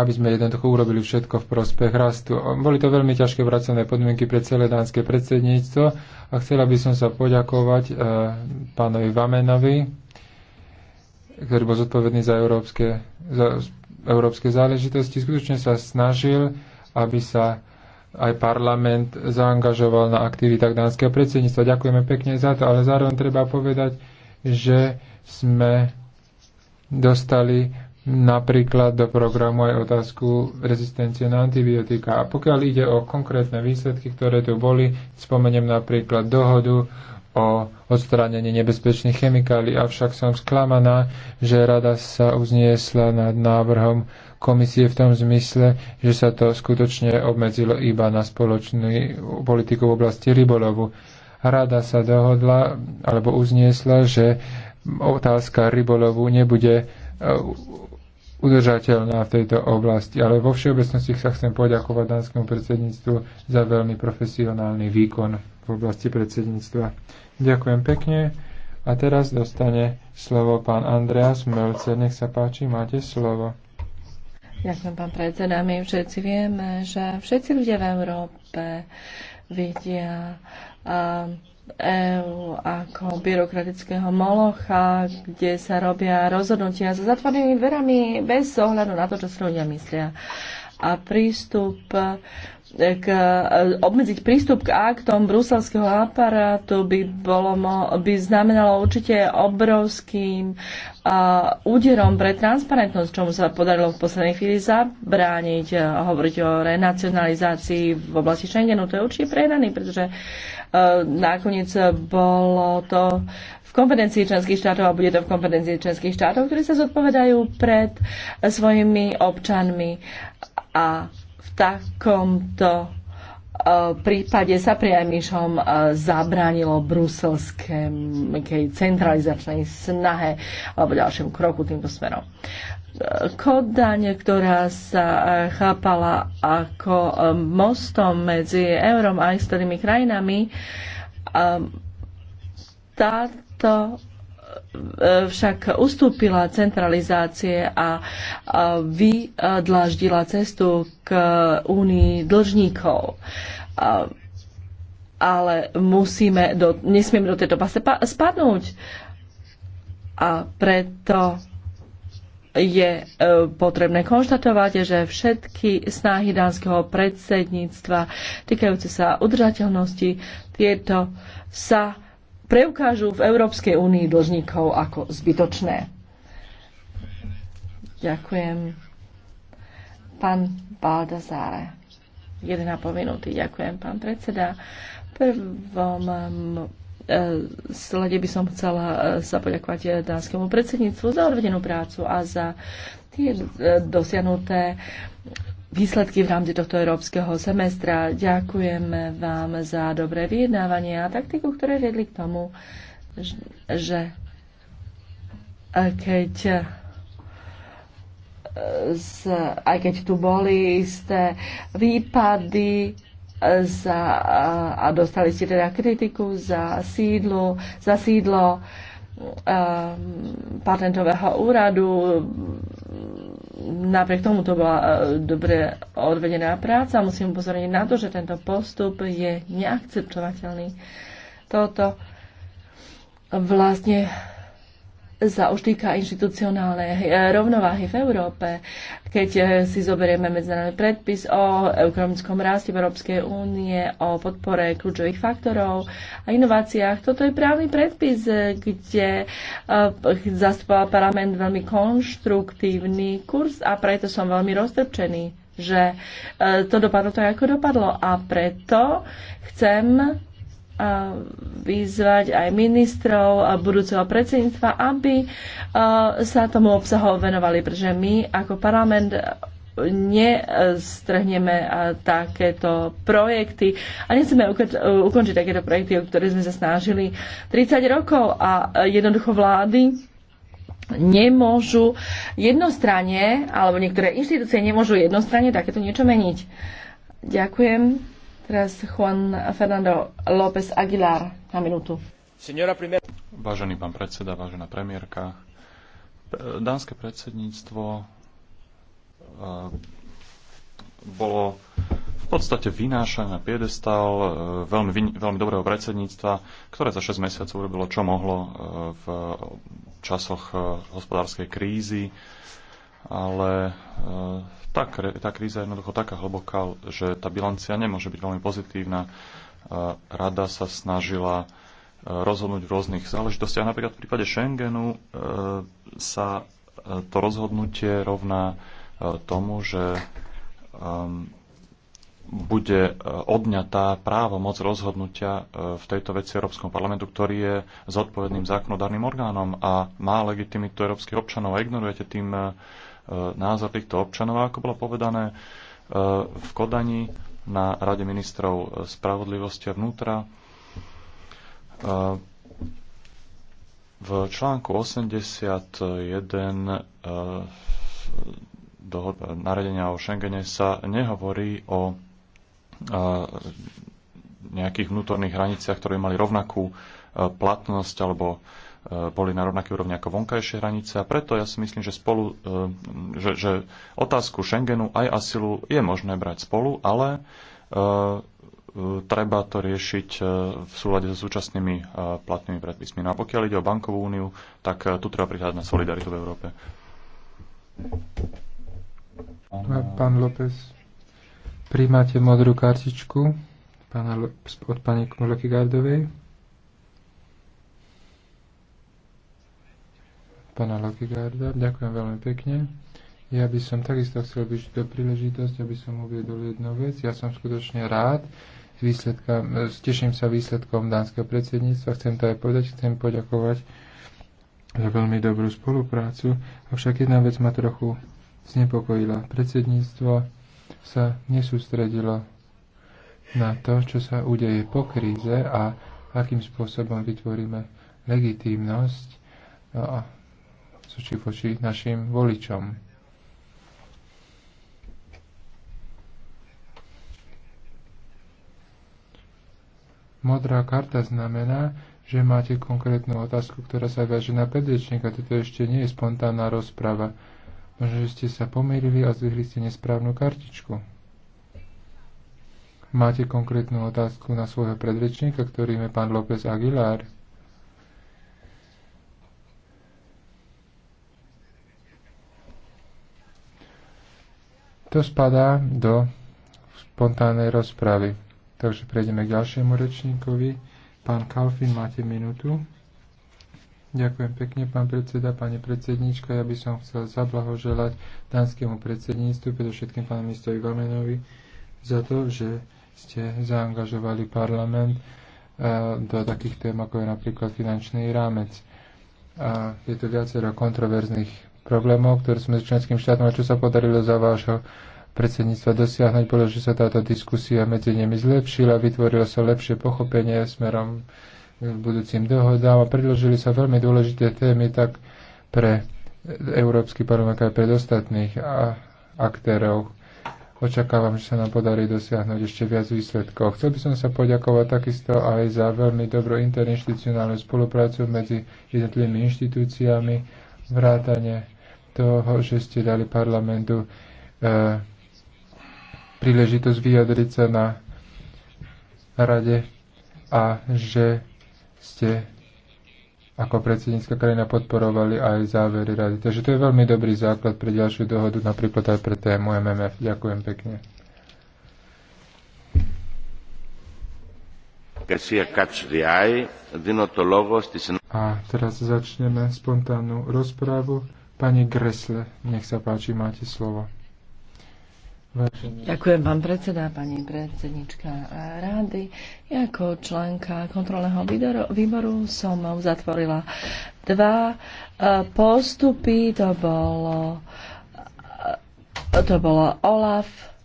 aby sme jednoducho urobili všetko v prospech rastu. Boli to veľmi ťažké pracovné podmienky pre celé dánske predsedníctvo a chcela by som sa poďakovať e, pánovi Vamenovi, ktorý bol zodpovedný za európske, za európske záležitosti, skutočne sa snažil, aby sa aj parlament zaangažoval na aktivitách dánskeho predsedníctva. Ďakujeme pekne za to, ale zároveň treba povedať, že sme dostali napríklad do programu aj otázku rezistencie na antibiotika. A pokiaľ ide o konkrétne výsledky, ktoré tu boli, spomeniem napríklad dohodu o odstránení nebezpečných chemikálií, avšak som sklamaná, že rada sa uzniesla nad návrhom komisie v tom zmysle, že sa to skutočne obmedzilo iba na spoločnú politiku v oblasti rybolovu. Rada sa dohodla alebo uzniesla, že otázka rybolovu nebude e, udržateľná v tejto oblasti. Ale vo všeobecnosti sa chcem poďakovať dánskemu predsedníctvu za veľmi profesionálny výkon v oblasti predsedníctva. Ďakujem pekne. A teraz dostane slovo pán Andreas Melcer. Nech sa páči, máte slovo. Ďakujem, pán predseda. My všetci vieme, že všetci ľudia v Európe vidia EÚ ako byrokratického molocha, kde sa robia rozhodnutia so zatvorenými dverami bez ohľadu na to, čo si ľudia myslia. A prístup k, eh, obmedziť prístup k aktom bruselského aparátu by, bolo, by znamenalo určite obrovským a, eh, úderom pre transparentnosť, čomu sa podarilo v poslednej chvíli zabrániť. a eh, hovoriť o renacionalizácii v oblasti Schengenu, to je určite prehnaný, pretože a, nakoniec bolo to v kompetencii členských štátov a bude to v kompetencii členských štátov, ktorí sa zodpovedajú pred svojimi občanmi. A takomto e, prípade sa priamišom e, zabránilo bruselskej centralizačnej snahe alebo ďalšiemu kroku týmto smerom. E, Kodaň, ktorá sa chápala ako mostom medzi eurom a starými krajinami, táto však ustúpila centralizácie a vydláždila cestu k únii dlžníkov ale musíme do, nesmieme do tejto pase spadnúť. A preto je e, potrebné konštatovať, že všetky snahy dánskeho predsedníctva týkajúce sa udržateľnosti, tieto sa preukážu v Európskej únii dlžníkov ako zbytočné. Ďakujem. Pán Baldazáre. 1,5 minúty. Ďakujem, pán predseda. Prvom eh, slede by som chcela eh, sa poďakovať eh, dánskemu predsedníctvu za odvedenú prácu a za tie dosiahnuté výsledky v rámci tohto európskeho semestra. Ďakujeme vám za dobré vyjednávanie a taktiku, ktoré viedli k tomu, že keď z, aj keď tu boli isté výpady za, a dostali ste teda kritiku za sídlo, za sídlo um, patentového úradu, napriek tomu to bola e, dobre odvedená práca. Musím upozorniť na to, že tento postup je neakceptovateľný. Toto vlastne sa už týka inštitucionálnej eh, rovnováhy v Európe. Keď eh, si zoberieme medzinárodný predpis o ekonomickom raste v Európskej únie, o podpore kľúčových faktorov a inováciách, toto je právny predpis, eh, kde zastupoval parlament veľmi konštruktívny kurz a preto som veľmi roztrpčený že to dopadlo tak, ako dopadlo. A preto chcem vyzvať aj ministrov a budúceho predsedníctva, aby sa tomu obsahu venovali, pretože my ako parlament nestrhneme takéto projekty a nechceme ukončiť takéto projekty, o ktoré sme sa snažili 30 rokov a jednoducho vlády nemôžu jednostranne, alebo niektoré inštitúcie nemôžu jednostranne takéto niečo meniť. Ďakujem. Teraz Juan Fernando López Aguilar na minútu. Vážený pán predseda, vážená premiérka, dánske predsedníctvo e, bolo v podstate vynášané na piedestal e, veľmi, veľmi dobrého predsedníctva, ktoré za 6 mesiacov urobilo, čo mohlo e, v časoch hospodárskej krízy, ale tá, tá kríza je jednoducho taká hlboká, že tá bilancia nemôže byť veľmi pozitívna. E, rada sa snažila e, rozhodnúť v rôznych záležitostiach. Napríklad v prípade Schengenu e, sa to rozhodnutie rovná tomu, že ehm, bude odňatá právomoc rozhodnutia v tejto veci Európskom parlamentu, ktorý je zodpovedným zákonodárnym orgánom a má legitimitu európskych občanov a ignorujete tým E, názor týchto občanov. A ako bolo povedané e, v Kodani na Rade ministrov spravodlivosti a vnútra, e, v článku 81 dohod, naredenia o Schengene sa nehovorí o nejakých vnútorných hraniciach, ktoré mali rovnakú platnosť alebo Eh, boli na rovnaké úrovni ako vonkajšie hranice a preto ja si myslím, že, spolu, eh, že, že otázku Schengenu aj asilu je možné brať spolu, ale eh, treba to riešiť v súlade so súčasnými platnými predpismi. No a pokiaľ ide o bankovú úniu, tak tu treba prihľadať na solidaritu v Európe. Pán López, príjmate modrú kartičku od pani Loki Gardovej. pána Lokigarda. Ďakujem veľmi pekne. Ja by som takisto chcel využiť tú príležitosť, aby som uviedol jednu vec. Ja som skutočne rád, výsledkom, teším sa výsledkom dánskeho predsedníctva. Chcem to aj povedať, chcem poďakovať za veľmi dobrú spoluprácu. Avšak jedna vec ma trochu znepokojila. Predsedníctvo sa nesústredilo na to, čo sa udeje po kríze a akým spôsobom vytvoríme legitímnosť a či voči našim voličom. Modrá karta znamená, že máte konkrétnu otázku, ktorá sa viaže na predrečníka. Toto ešte nie je spontánna rozprava. Možno, že ste sa pomýlili a zvyhli ste nesprávnu kartičku. Máte konkrétnu otázku na svojho predrečníka, ktorým je pán López Aguilar. To spadá do spontánnej rozpravy. Takže prejdeme k ďalšiemu rečníkovi. Pán Kalfin, máte minútu. Ďakujem pekne, pán predseda, pani predsednička. Ja by som chcel zablahoželať dánskému predsedníctvu, predovšetkým pánu ministrovi Vamenovi, za to, že ste zaangažovali parlament eh, do takých tém, ako je napríklad finančný rámec. A je to viacero kontroverzných problémov, ktoré sme s členským štátom a čo sa podarilo za vášho predsedníctva dosiahnuť, bolo, že sa táto diskusia medzi nimi zlepšila, vytvorilo sa lepšie pochopenie smerom k budúcim dohodám a predložili sa veľmi dôležité témy tak pre Európsky parlament aj pre ostatných aktérov. Očakávam, že sa nám podarí dosiahnuť ešte viac výsledkov. Chcel by som sa poďakovať takisto aj za veľmi dobrú interinstitucionálnu spoluprácu medzi jednotlivými inštitúciami vrátane toho, že ste dali parlamentu e, príležitosť vyjadriť sa na rade a že ste ako predsednícka krajina podporovali aj závery rady. Takže to je veľmi dobrý základ pre ďalšiu dohodu, napríklad aj pre tému MMF. Ďakujem pekne. A teraz začneme spontánnu rozprávu. Pani Gresle, nech sa páči, máte slovo. Ďakujem, pán predseda, pani predsednička rády. Ja ako členka kontrolného výboru som uzatvorila dva e, postupy. To bolo, e, to bolo OLAF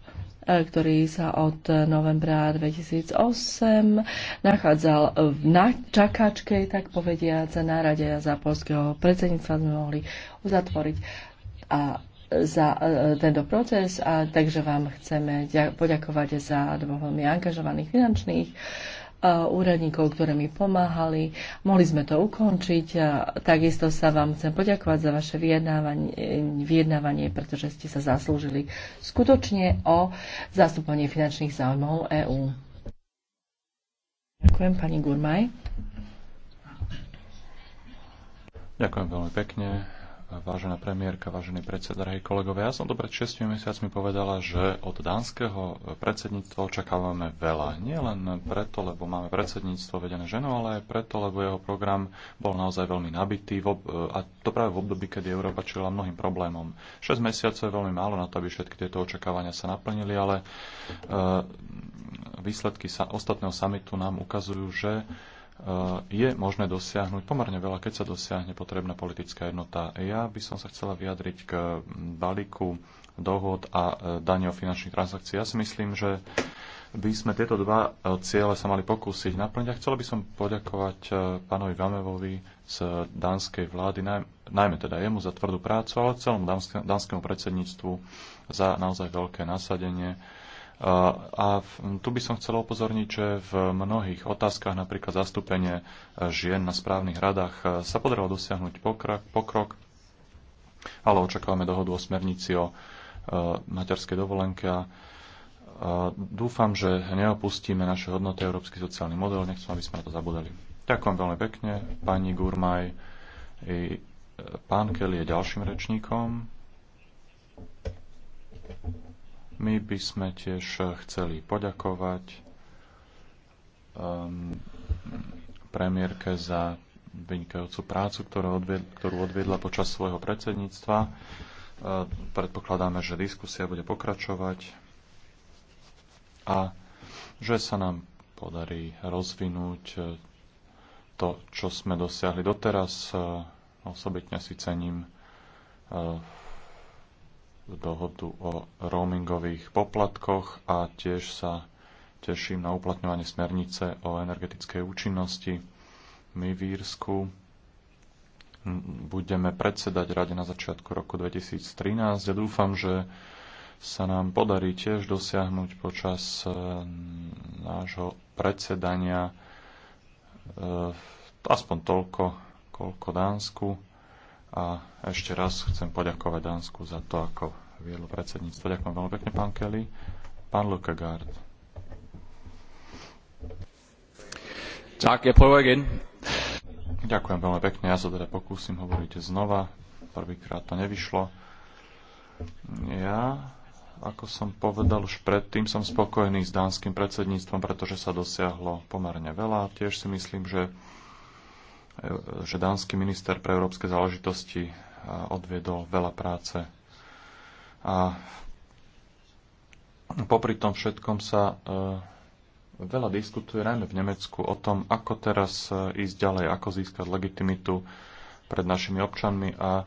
E, ktorý sa od novembra 2008 nachádzal v čakačke, tak povediať, na rade za polského predsedníctva sme mohli uzatvoriť a za e, tento proces a takže vám chceme poďakovať za dvoch veľmi angažovaných finančných úradníkov, ktoré mi pomáhali. Mohli sme to ukončiť a takisto sa vám chcem poďakovať za vaše vyjednávanie, vyjednávanie pretože ste sa zaslúžili skutočne o zastúpanie finančných záujmov EÚ. Ďakujem pani Gurmaj. Ďakujem veľmi pekne vážená premiérka, vážený predseda, drahí kolegovia. Ja som to pred 6 mesiacmi povedala, že od dánskeho predsedníctva očakávame veľa. Nie len preto, lebo máme predsedníctvo vedené ženou, ale aj preto, lebo jeho program bol naozaj veľmi nabitý a to práve v období, kedy Európa čila mnohým problémom. 6 mesiacov je veľmi málo na to, aby všetky tieto očakávania sa naplnili, ale eh, výsledky sa ostatného samitu nám ukazujú, že Eh, je možné dosiahnuť pomerne veľa, keď sa dosiahne potrebná politická jednota. Ja by som sa chcela vyjadriť k balíku dohod a eh, daní o finančných transakcií. Ja si myslím, že by sme tieto dva eh, ciele sa mali pokúsiť naplniť. A chcela by som poďakovať pánovi Vamevovi z dánskej vlády, najmä teda jemu za tvrdú prácu, ale celom dánskému predsedníctvu za naozaj veľké nasadenie a tu by som chcel upozorniť, že v mnohých otázkach, napríklad zastúpenie e, žien na správnych radách, e, sa podarilo dosiahnuť pokrok, ale očakávame dohodu o smernici o e, materskej dovolenke a dúfam, že neopustíme naše hodnoty európsky sociálny model, nechcem, aby sme na to zabudali. Ďakujem veľmi pekne, pani Gurmaj. Pán Kelly je ďalším rečníkom. My by sme tiež chceli poďakovať um, premiérke za vynikajúcu prácu, ktorú, odvied, ktorú odviedla počas svojho predsedníctva. Uh, predpokladáme, že diskusia bude pokračovať a že sa nám podarí rozvinúť uh, to, čo sme dosiahli doteraz. Uh, osobitne si cením dohodu o roamingových poplatkoch a tiež sa teším na uplatňovanie smernice o energetickej účinnosti. My v Írsku budeme predsedať rade na začiatku roku 2013 a ja dúfam, že sa nám podarí tiež dosiahnuť počas eh, nášho predsedania eh, aspoň toľko, koľko Dánsku a ešte raz chcem poďakovať Dánsku za to, ako viedlo predsedníctvo. Ďakujem veľmi pekne, pán Kelly. Pán Lukegaard. Ďakujem veľmi pekne. Ja sa teda pokúsim hovoriť znova. Prvýkrát to nevyšlo. Ja, ako som povedal už predtým, som spokojný s dánskym predsedníctvom, pretože sa dosiahlo pomerne veľa. Tiež si myslím, že že dánsky minister pre európske záležitosti odviedol veľa práce. A popri tom všetkom sa e, veľa diskutuje, najmä v Nemecku, o tom, ako teraz e, ísť ďalej, ako získať legitimitu pred našimi občanmi a e,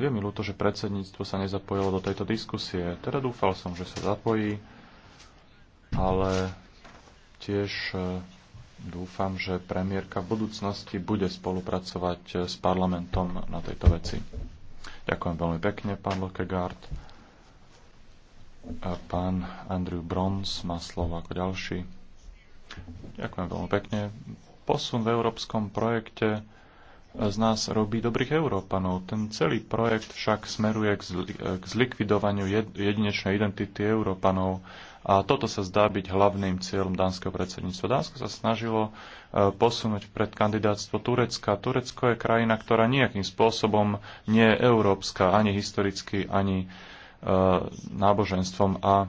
je mi ľúto, že predsedníctvo sa nezapojilo do tejto diskusie. Teda dúfal som, že sa zapojí, ale tiež dúfam, že premiérka v budúcnosti bude spolupracovať s parlamentom na tejto veci. Ďakujem veľmi pekne, pán Lokegaard. A pán Andrew Brons má slovo ako ďalší. Ďakujem veľmi pekne. Posun v európskom projekte z nás robí dobrých Európanov. Ten celý projekt však smeruje k, zlikvidovaniu jedinečnej identity Európanov a toto sa zdá byť hlavným cieľom dánskeho predsedníctva. Dánsko sa snažilo e, posunúť pred kandidátstvo Turecka. Turecko je krajina, ktorá nejakým spôsobom nie je európska, ani historicky, ani e, náboženstvom. A e,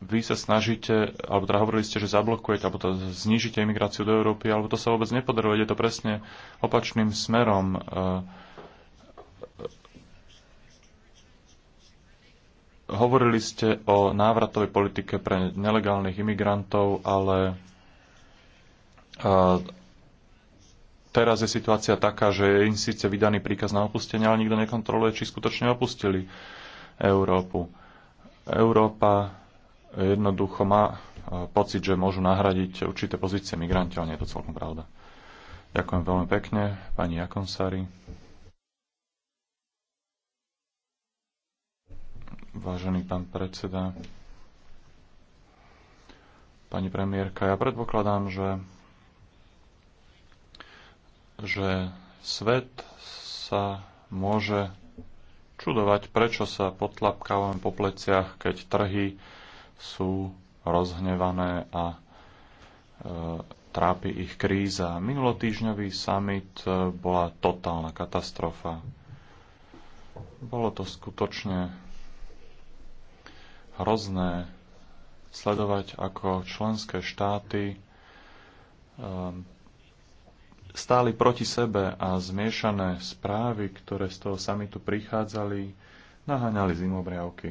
vy sa snažíte, alebo teda hovorili ste, že zablokujete, alebo to znížite imigráciu do Európy, alebo to sa vôbec nepodarilo. Ide to presne opačným smerom. Hovorili ste o návratovej politike pre nelegálnych imigrantov, ale teraz je situácia taká, že je im síce vydaný príkaz na opustenie, ale nikto nekontroluje, či skutočne opustili Európu. Európa jednoducho má pocit, že môžu nahradiť určité pozície migrantov, ale nie je to celkom pravda. Ďakujem veľmi pekne, pani Jakonsári. vážený pán predseda. Pani premiérka, ja predpokladám, že, že svet sa môže čudovať, prečo sa potlapkávame po pleciach, keď trhy sú rozhnevané a e, trápi ich kríza. Minulotýžňový summit e, bola totálna katastrofa. Bolo to skutočne hrozné sledovať, ako členské štáty ehm, stáli proti sebe a zmiešané správy, ktoré z toho samitu prichádzali, naháňali zimobriavky.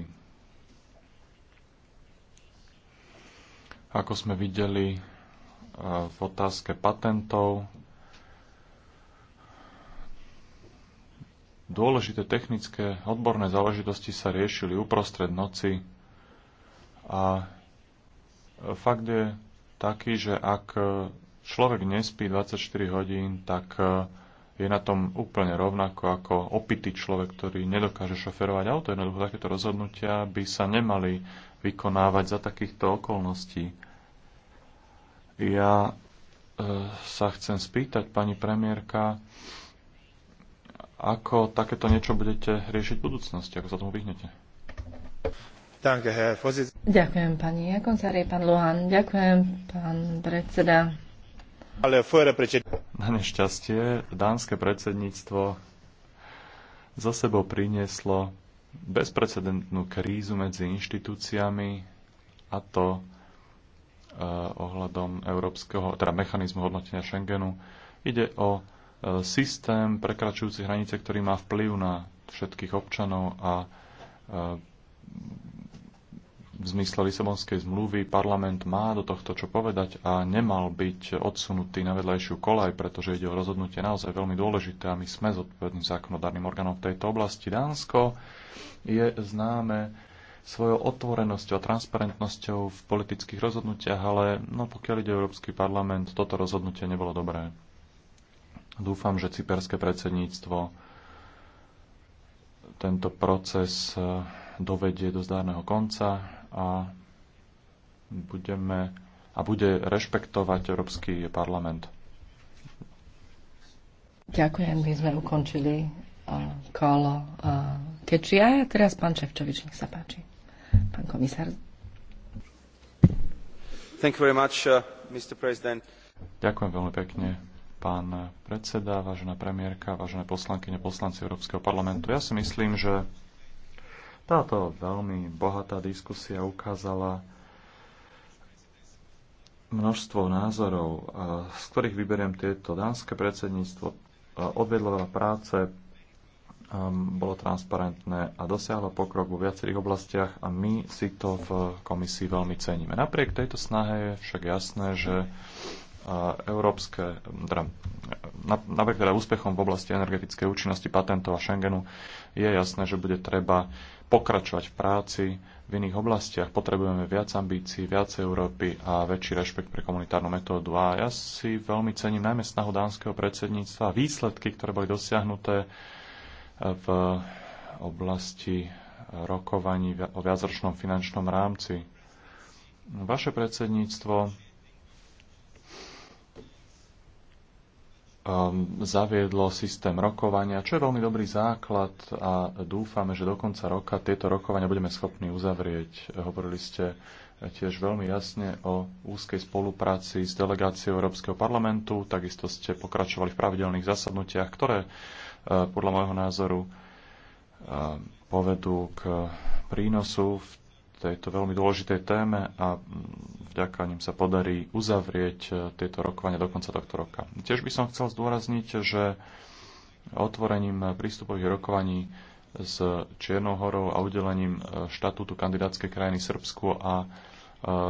Ako sme videli eh, v otázke patentov, dôležité technické odborné záležitosti sa riešili uprostred noci a fakt je taký, že ak človek nespí 24 hodín, tak e, je na tom úplne rovnako ako opitý človek, ktorý nedokáže šoferovať auto. Jednoducho takéto rozhodnutia by sa nemali vykonávať za takýchto okolností. Ja e, sa chcem spýtať, pani premiérka, ako takéto niečo budete riešiť v budúcnosti, ako sa tomu vyhnete? Ďakujem pani Jakoncári, pán Luhan, ďakujem pán predseda. Ale Na nešťastie dánske predsedníctvo za sebou prinieslo bezprecedentnú krízu medzi inštitúciami a to e, ohľadom európskeho, teda mechanizmu hodnotenia Schengenu. Ide o e, systém prekračujúci hranice, ktorý má vplyv na všetkých občanov a e, v zmysle Lisabonskej zmluvy parlament má do tohto čo povedať a nemal byť odsunutý na vedľajšiu kolaj, pretože ide o rozhodnutie naozaj veľmi dôležité a my sme zodpovedným zákonodárnym orgánom v tejto oblasti. Dánsko je známe svojou otvorenosťou a transparentnosťou v politických rozhodnutiach, ale no, pokiaľ ide Európsky parlament, toto rozhodnutie nebolo dobré. Dúfam, že cyperské predsedníctvo tento proces eh, dovedie do zdárneho konca a budeme a bude rešpektovať Európsky parlament. Ďakujem, my sme ukončili uh, kolo uh, Kečia. Teraz pán Ševčovič, nech sa páči. Pán komisár. Thank you very much, uh, Mr. President. Ďakujem veľmi pekne, pán predseda, vážená premiérka, vážené poslankyne, poslanci Európskeho parlamentu. Ja si myslím, že táto veľmi bohatá diskusia ukázala množstvo názorov, z ktorých vyberiem tieto. Dánske predsedníctvo odvedlo veľa práce, bolo transparentné a dosiahlo pokrok vo viacerých oblastiach a my si to v komisii veľmi ceníme. Napriek tejto snahe je však jasné, že európske, teda, napriek teda úspechom v oblasti energetickej účinnosti patentov a Schengenu, je jasné, že bude treba pokračovať v práci v iných oblastiach. Potrebujeme viac ambícií, viac Európy a väčší rešpekt pre komunitárnu metódu. A ja si veľmi cením najmä snahu dánskeho predsedníctva a výsledky, ktoré boli dosiahnuté v oblasti rokovaní o viacročnom finančnom rámci. Vaše predsedníctvo um, zaviedlo systém rokovania, čo je veľmi dobrý základ a dúfame, že do konca roka tieto rokovania budeme schopní uzavrieť. Hovorili ste tiež veľmi jasne o úzkej spolupráci s delegáciou Európskeho parlamentu. Takisto ste pokračovali v pravidelných zasadnutiach, ktoré uh, podľa môjho názoru uh, povedú k prínosu v tejto veľmi dôležitej téme a vďaka nim sa podarí uzavrieť e, tieto rokovania do konca tohto roka. Tiež by som chcel zdôrazniť, že otvorením prístupových rokovaní s Čiernou horou a udelením e, štatútu kandidátskej krajiny Srbsku a e,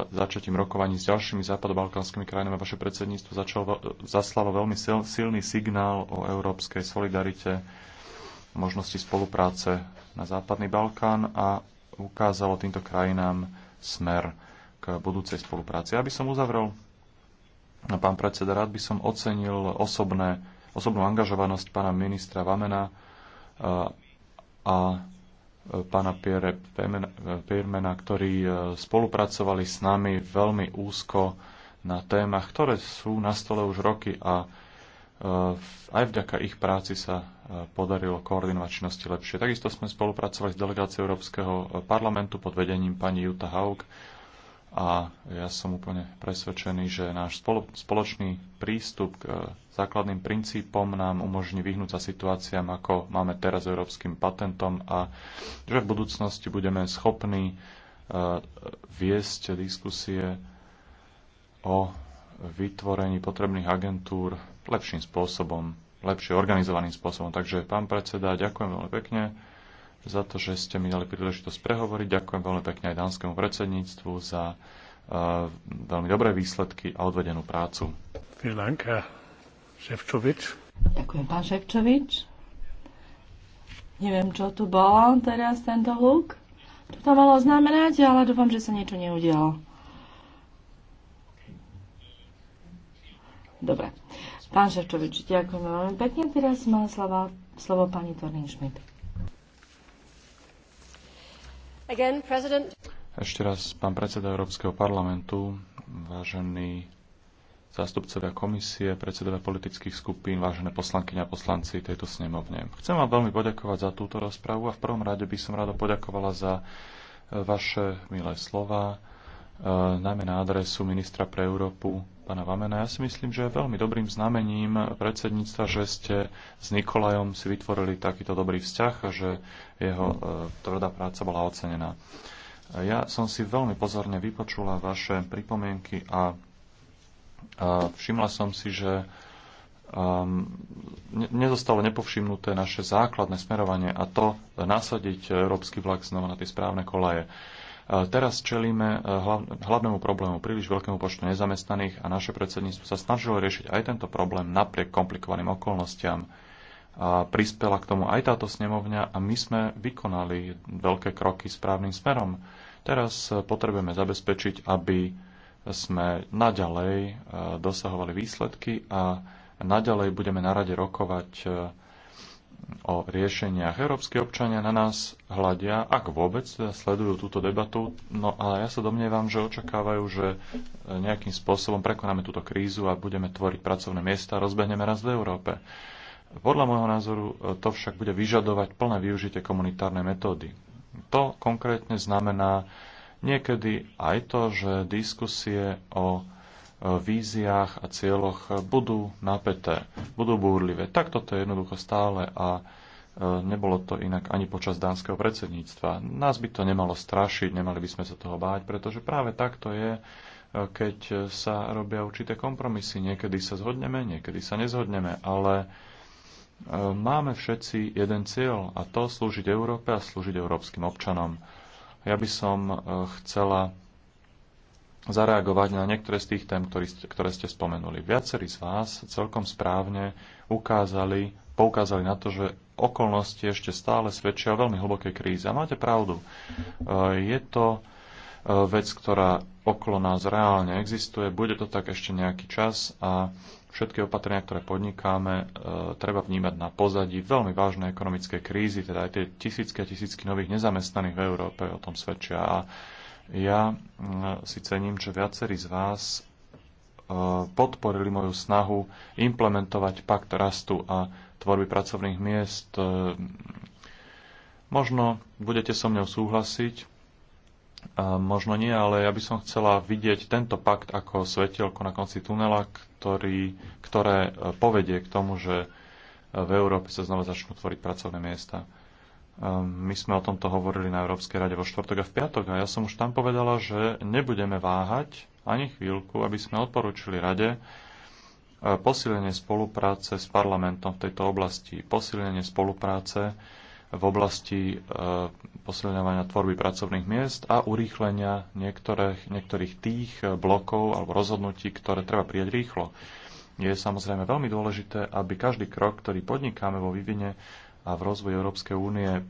začatím rokovaní s ďalšími západobalkánskymi krajinami vaše predsedníctvo začalo, zaslalo veľmi sil, silný signál o európskej solidarite, možnosti spolupráce na Západný Balkán a ukázalo týmto krajinám smer k budúcej spolupráci. Aby som uzavrel, no, pán predseda, rád by som ocenil osobné, osobnú angažovanosť pána ministra Vamena e, a, a e, pána Pierre Piermena, e, ktorí spolupracovali s nami veľmi úzko na témach, ktoré sú na stole už roky a Eh, aj vďaka ich práci sa eh, podarilo koordinovať činnosti lepšie. Takisto sme spolupracovali s delegáciou Európskeho eh, parlamentu pod vedením pani Jutta Haug a ja som úplne presvedčený, že náš spoločný prístup k základným princípom nám umožní vyhnúť sa situáciám, ako máme teraz európskym patentom a že v budúcnosti budeme schopní viesť diskusie o vytvorení potrebných agentúr lepším spôsobom, lepšie organizovaným spôsobom. Takže, pán predseda, ďakujem veľmi pekne za to, že ste mi dali príležitosť prehovoriť. Ďakujem veľmi pekne aj dánskemu predsedníctvu za uh, veľmi dobré výsledky a odvedenú prácu. Ďakujem, pán Ševčovič. Neviem, čo tu bol teraz tento hluk. To to malo znamenať, ale dúfam, že sa niečo neudialo. Dobre. Pán Ševčovič, ďakujem veľmi pekne. Teraz má slova, slovo pani Tornin Schmidt. Again, president. Ešte raz, pán predseda Európskeho parlamentu, vážení zástupcovia komisie, predsedovia politických skupín, vážené poslankyňa a poslanci tejto snemovne. Chcem vám veľmi poďakovať za túto rozpravu a v prvom rade by som rada poďakovala za e, vaše milé slova, e, najmä na adresu ministra pre Európu pána Vamena. Ja si myslím, že je veľmi dobrým znamením predsedníctva, že ste s Nikolajom si vytvorili takýto dobrý vzťah a že jeho e, tvrdá práca bola ocenená. Ja som si veľmi pozorne vypočula vaše pripomienky a, všimla som si, že ehm, nezostalo nepovšimnuté naše základné smerovanie a to nasadiť európsky vlak znova na tie správne kolaje. Teraz čelíme e, hlavnému problému príliš veľkému počtu nezamestnaných a naše predsedníctvo sa snažilo riešiť aj tento problém napriek komplikovaným okolnostiam. A prispela k tomu aj táto snemovňa a my sme vykonali veľké kroky správnym smerom. Teraz e, potrebujeme zabezpečiť, aby sme naďalej e, dosahovali výsledky a naďalej budeme na rade rokovať o riešeniach. Európsky občania na nás hľadia, ak vôbec sledujú túto debatu, no ale ja sa domnievam, že očakávajú, že nejakým spôsobom prekonáme túto krízu a budeme tvoriť pracovné miesta a rozbehneme raz v Európe. Podľa môjho názoru e, to však bude vyžadovať plné využitie komunitárnej metódy. To konkrétne znamená niekedy aj to, že diskusie o víziách a cieľoch budú napäté, budú búrlivé. Tak toto je jednoducho stále a e, nebolo to inak ani počas dánskeho predsedníctva. Nás by to nemalo strašiť, nemali by sme sa toho báť, pretože práve takto je, e, keď sa robia určité kompromisy. Niekedy sa zhodneme, niekedy sa nezhodneme, ale e, máme všetci jeden cieľ a to slúžiť Európe a slúžiť európskym občanom. Ja by som chcela zareagovať na niektoré z tých tém, ktorý, ktoré ste spomenuli. Viacerí z vás celkom správne ukázali, poukázali na to, že okolnosti ešte stále svedčia o veľmi hlbokej kríze. A máte pravdu. Eh, je to eh, vec, ktorá okolo nás reálne existuje. Bude to tak ešte nejaký čas a všetky opatrenia, ktoré podnikáme, eh, treba vnímať na pozadí veľmi vážnej ekonomickej krízy, teda aj tie tisícky a tisícky nových nezamestnaných v Európe o tom svedčia. A ja si cením, že viacerí z vás e, podporili moju snahu implementovať pakt rastu a tvorby pracovných miest. E, možno budete so mňou súhlasiť, e, možno nie, ale ja by som chcela vidieť tento pakt ako svetielko na konci tunela, ktorý, ktoré povedie k tomu, že v Európe sa znova začnú tvoriť pracovné miesta. My sme o tomto hovorili na Európskej rade vo štvrtok a v piatok a ja som už tam povedala, že nebudeme váhať ani chvíľku, aby sme odporúčili rade e, posilnenie spolupráce s parlamentom v tejto oblasti, posilnenie spolupráce v oblasti e, posilňovania tvorby pracovných miest a urýchlenia niektorých, niektorých tých e, blokov alebo rozhodnutí, ktoré treba prijať rýchlo. Je samozrejme veľmi dôležité, aby každý krok, ktorý podnikáme vo vývine a v rozvoji Európskej únie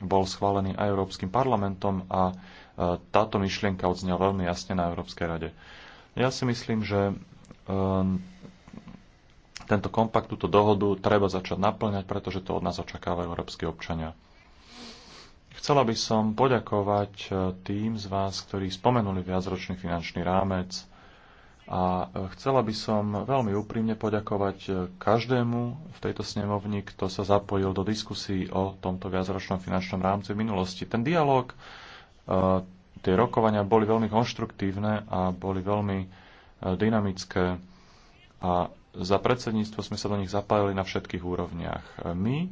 bol schválený aj Európskym parlamentom a e, táto myšlienka odznela veľmi jasne na Európskej rade. Ja si myslím, že e, tento kompakt, túto dohodu treba začať naplňať, pretože to od nás očakávajú európsky občania. Chcela by som poďakovať e, tým z vás, ktorí spomenuli viacročný finančný rámec, a e, chcela by som veľmi úprimne poďakovať e, každému v tejto snemovni, kto sa zapojil do diskusí o tomto viacročnom finančnom rámci v minulosti. Ten dialog, e, tie rokovania boli veľmi konštruktívne a boli veľmi dynamické a za predsedníctvo sme sa do nich zapájali na všetkých úrovniach. My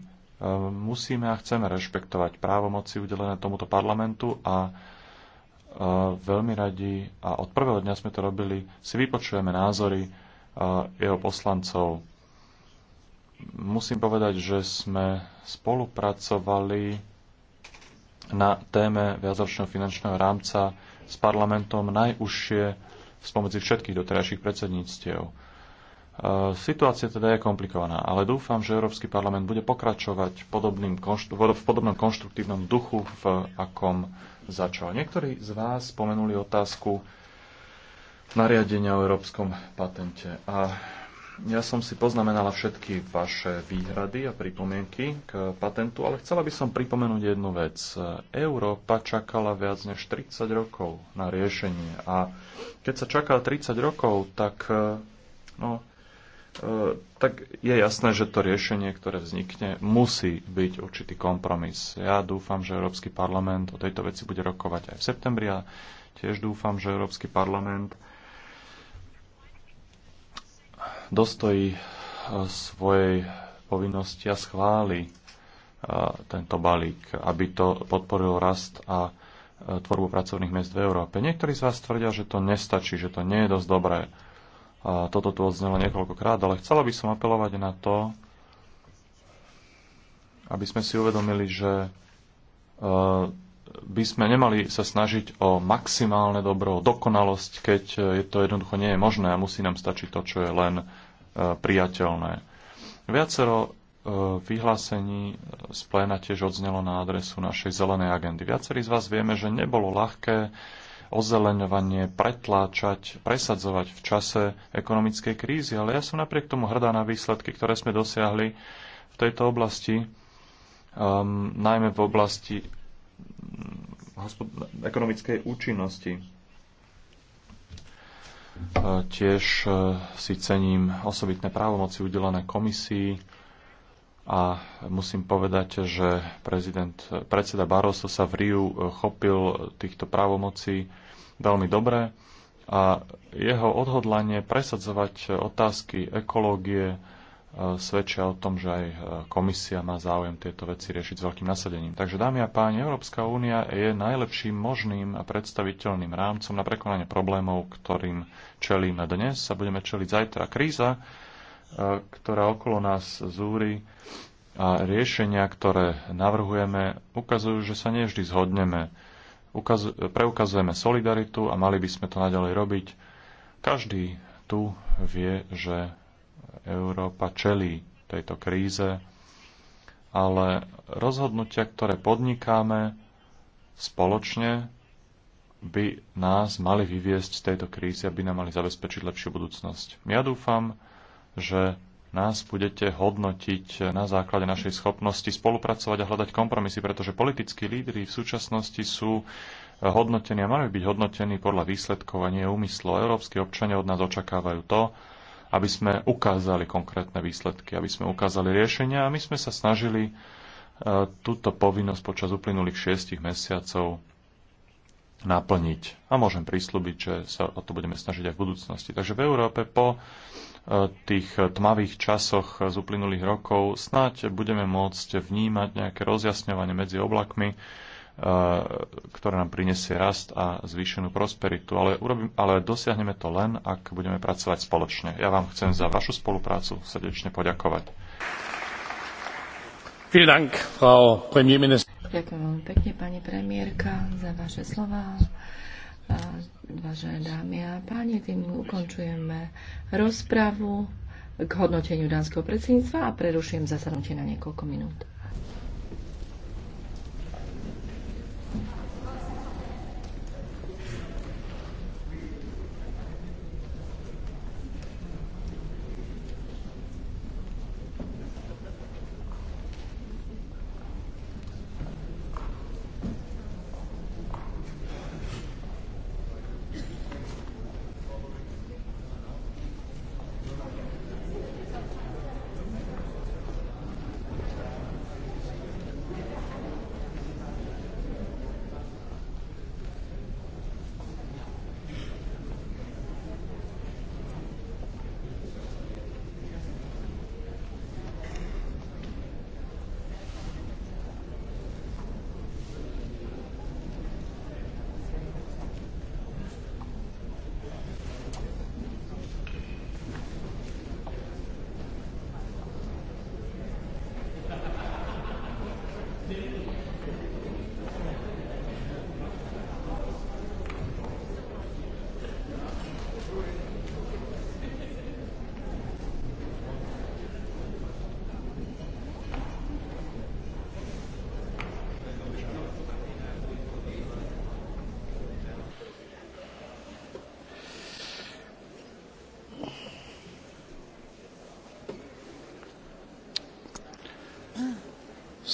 musíme a chceme rešpektovať právomoci udelené tomuto parlamentu a veľmi radi, a od prvého dňa sme to robili, si vypočujeme názory jeho poslancov. Musím povedať, že sme spolupracovali na téme viacročného finančného rámca s parlamentom najúžšie spomedzi všetkých doterajších predsedníctiev. Situácia teda je komplikovaná, ale dúfam, že Európsky parlament bude pokračovať v, v podobnom konštruktívnom duchu, v akom začal. Niektorí z vás spomenuli otázku nariadenia o európskom patente. A ja som si poznamenala všetky vaše výhrady a pripomienky k patentu, ale chcela by som pripomenúť jednu vec. Európa čakala viac než 30 rokov na riešenie a keď sa čaká 30 rokov, tak no, Eh, tak je jasné, že to riešenie, ktoré vznikne, musí byť určitý kompromis. Ja dúfam, že Európsky parlament o tejto veci bude rokovať aj v septembri a tiež dúfam, že Európsky parlament dostojí eh, svojej povinnosti a schváli eh, tento balík, aby to podporil rast a tvorbu pracovných miest v Európe. Niektorí z vás tvrdia, že to nestačí, že to nie je dosť dobré. A toto tu odznelo niekoľkokrát, ale chcela by som apelovať na to, aby sme si uvedomili, že e, by sme nemali sa snažiť o maximálne dobro, o dokonalosť, keď e, to jednoducho nie je možné a musí nám stačiť to, čo je len e, priateľné. Viacero vyhlásení z pléna tiež odznelo na adresu našej zelenej agendy. Viacerí z vás vieme, že nebolo ľahké ozeleňovanie pretláčať, presadzovať v čase ekonomickej krízy. Ale ja som napriek tomu hrdá na výsledky, ktoré sme dosiahli v tejto oblasti, um, najmä v oblasti mm, ekonomickej účinnosti. Uh, tiež uh, si cením osobitné právomoci udelené komisii a musím povedať, že prezident, predseda Barroso sa v Riu e, chopil týchto právomocí veľmi dobre a jeho odhodlanie presadzovať otázky ekológie e, svedčia o tom, že aj e, komisia má záujem tieto veci riešiť s veľkým nasadením. Takže, dámy a páni, Európska únia je najlepším možným a predstaviteľným rámcom na prekonanie problémov, ktorým čelíme dnes a budeme čeliť zajtra. Kríza, ktorá okolo nás zúri a riešenia, ktoré navrhujeme, ukazujú, že sa nie vždy zhodneme. Ukaz, preukazujeme solidaritu a mali by sme to naďalej robiť. Každý tu vie, že Európa čelí tejto kríze, ale rozhodnutia, ktoré podnikáme spoločne, by nás mali vyviesť z tejto krízy, aby nám mali zabezpečiť lepšiu budúcnosť. Ja dúfam, že nás budete hodnotiť na základe našej schopnosti spolupracovať a hľadať kompromisy, pretože politickí lídry v súčasnosti sú hodnotení a majú byť hodnotení podľa výsledkov a nie úmyslu. Európsky občania od nás očakávajú to, aby sme ukázali konkrétne výsledky, aby sme ukázali riešenia a my sme sa snažili e, túto povinnosť počas uplynulých šiestich mesiacov naplniť. A môžem prislúbiť, že sa o to budeme snažiť aj v budúcnosti. Takže v Európe po tých tmavých časoch z uplynulých rokov snáď budeme môcť vnímať nejaké rozjasňovanie medzi oblakmi, e, ktoré nám prinesie rast a zvýšenú prosperitu. Ale, urobím, ale dosiahneme to len, ak budeme pracovať spoločne. Ja vám chcem za vašu spoluprácu srdečne poďakovať. Ďakujem veľmi pekne, pani premiérka, za vaše slova vážené dámy a páni, tým ukončujeme rozpravu k hodnoteniu dánskeho predsedníctva a prerušujem zasadnutie na niekoľko minút.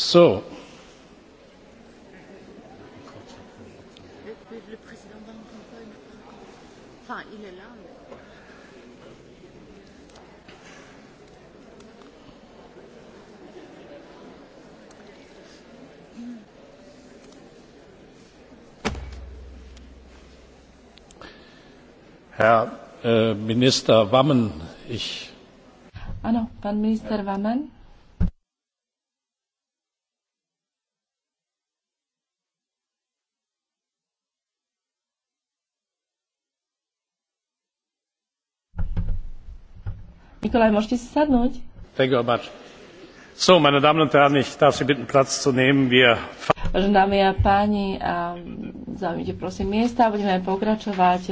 So. Herr äh, Minister Wammen, ich. Áno, pán minister wammen stole. Môžete si sadnúť. Thank you very much. So, meine Damen und Herren, ich darf Sie bitten, Platz zu nehmen. Wir Dámy a páni, a zaujmite prosím miesta, budeme pokračovať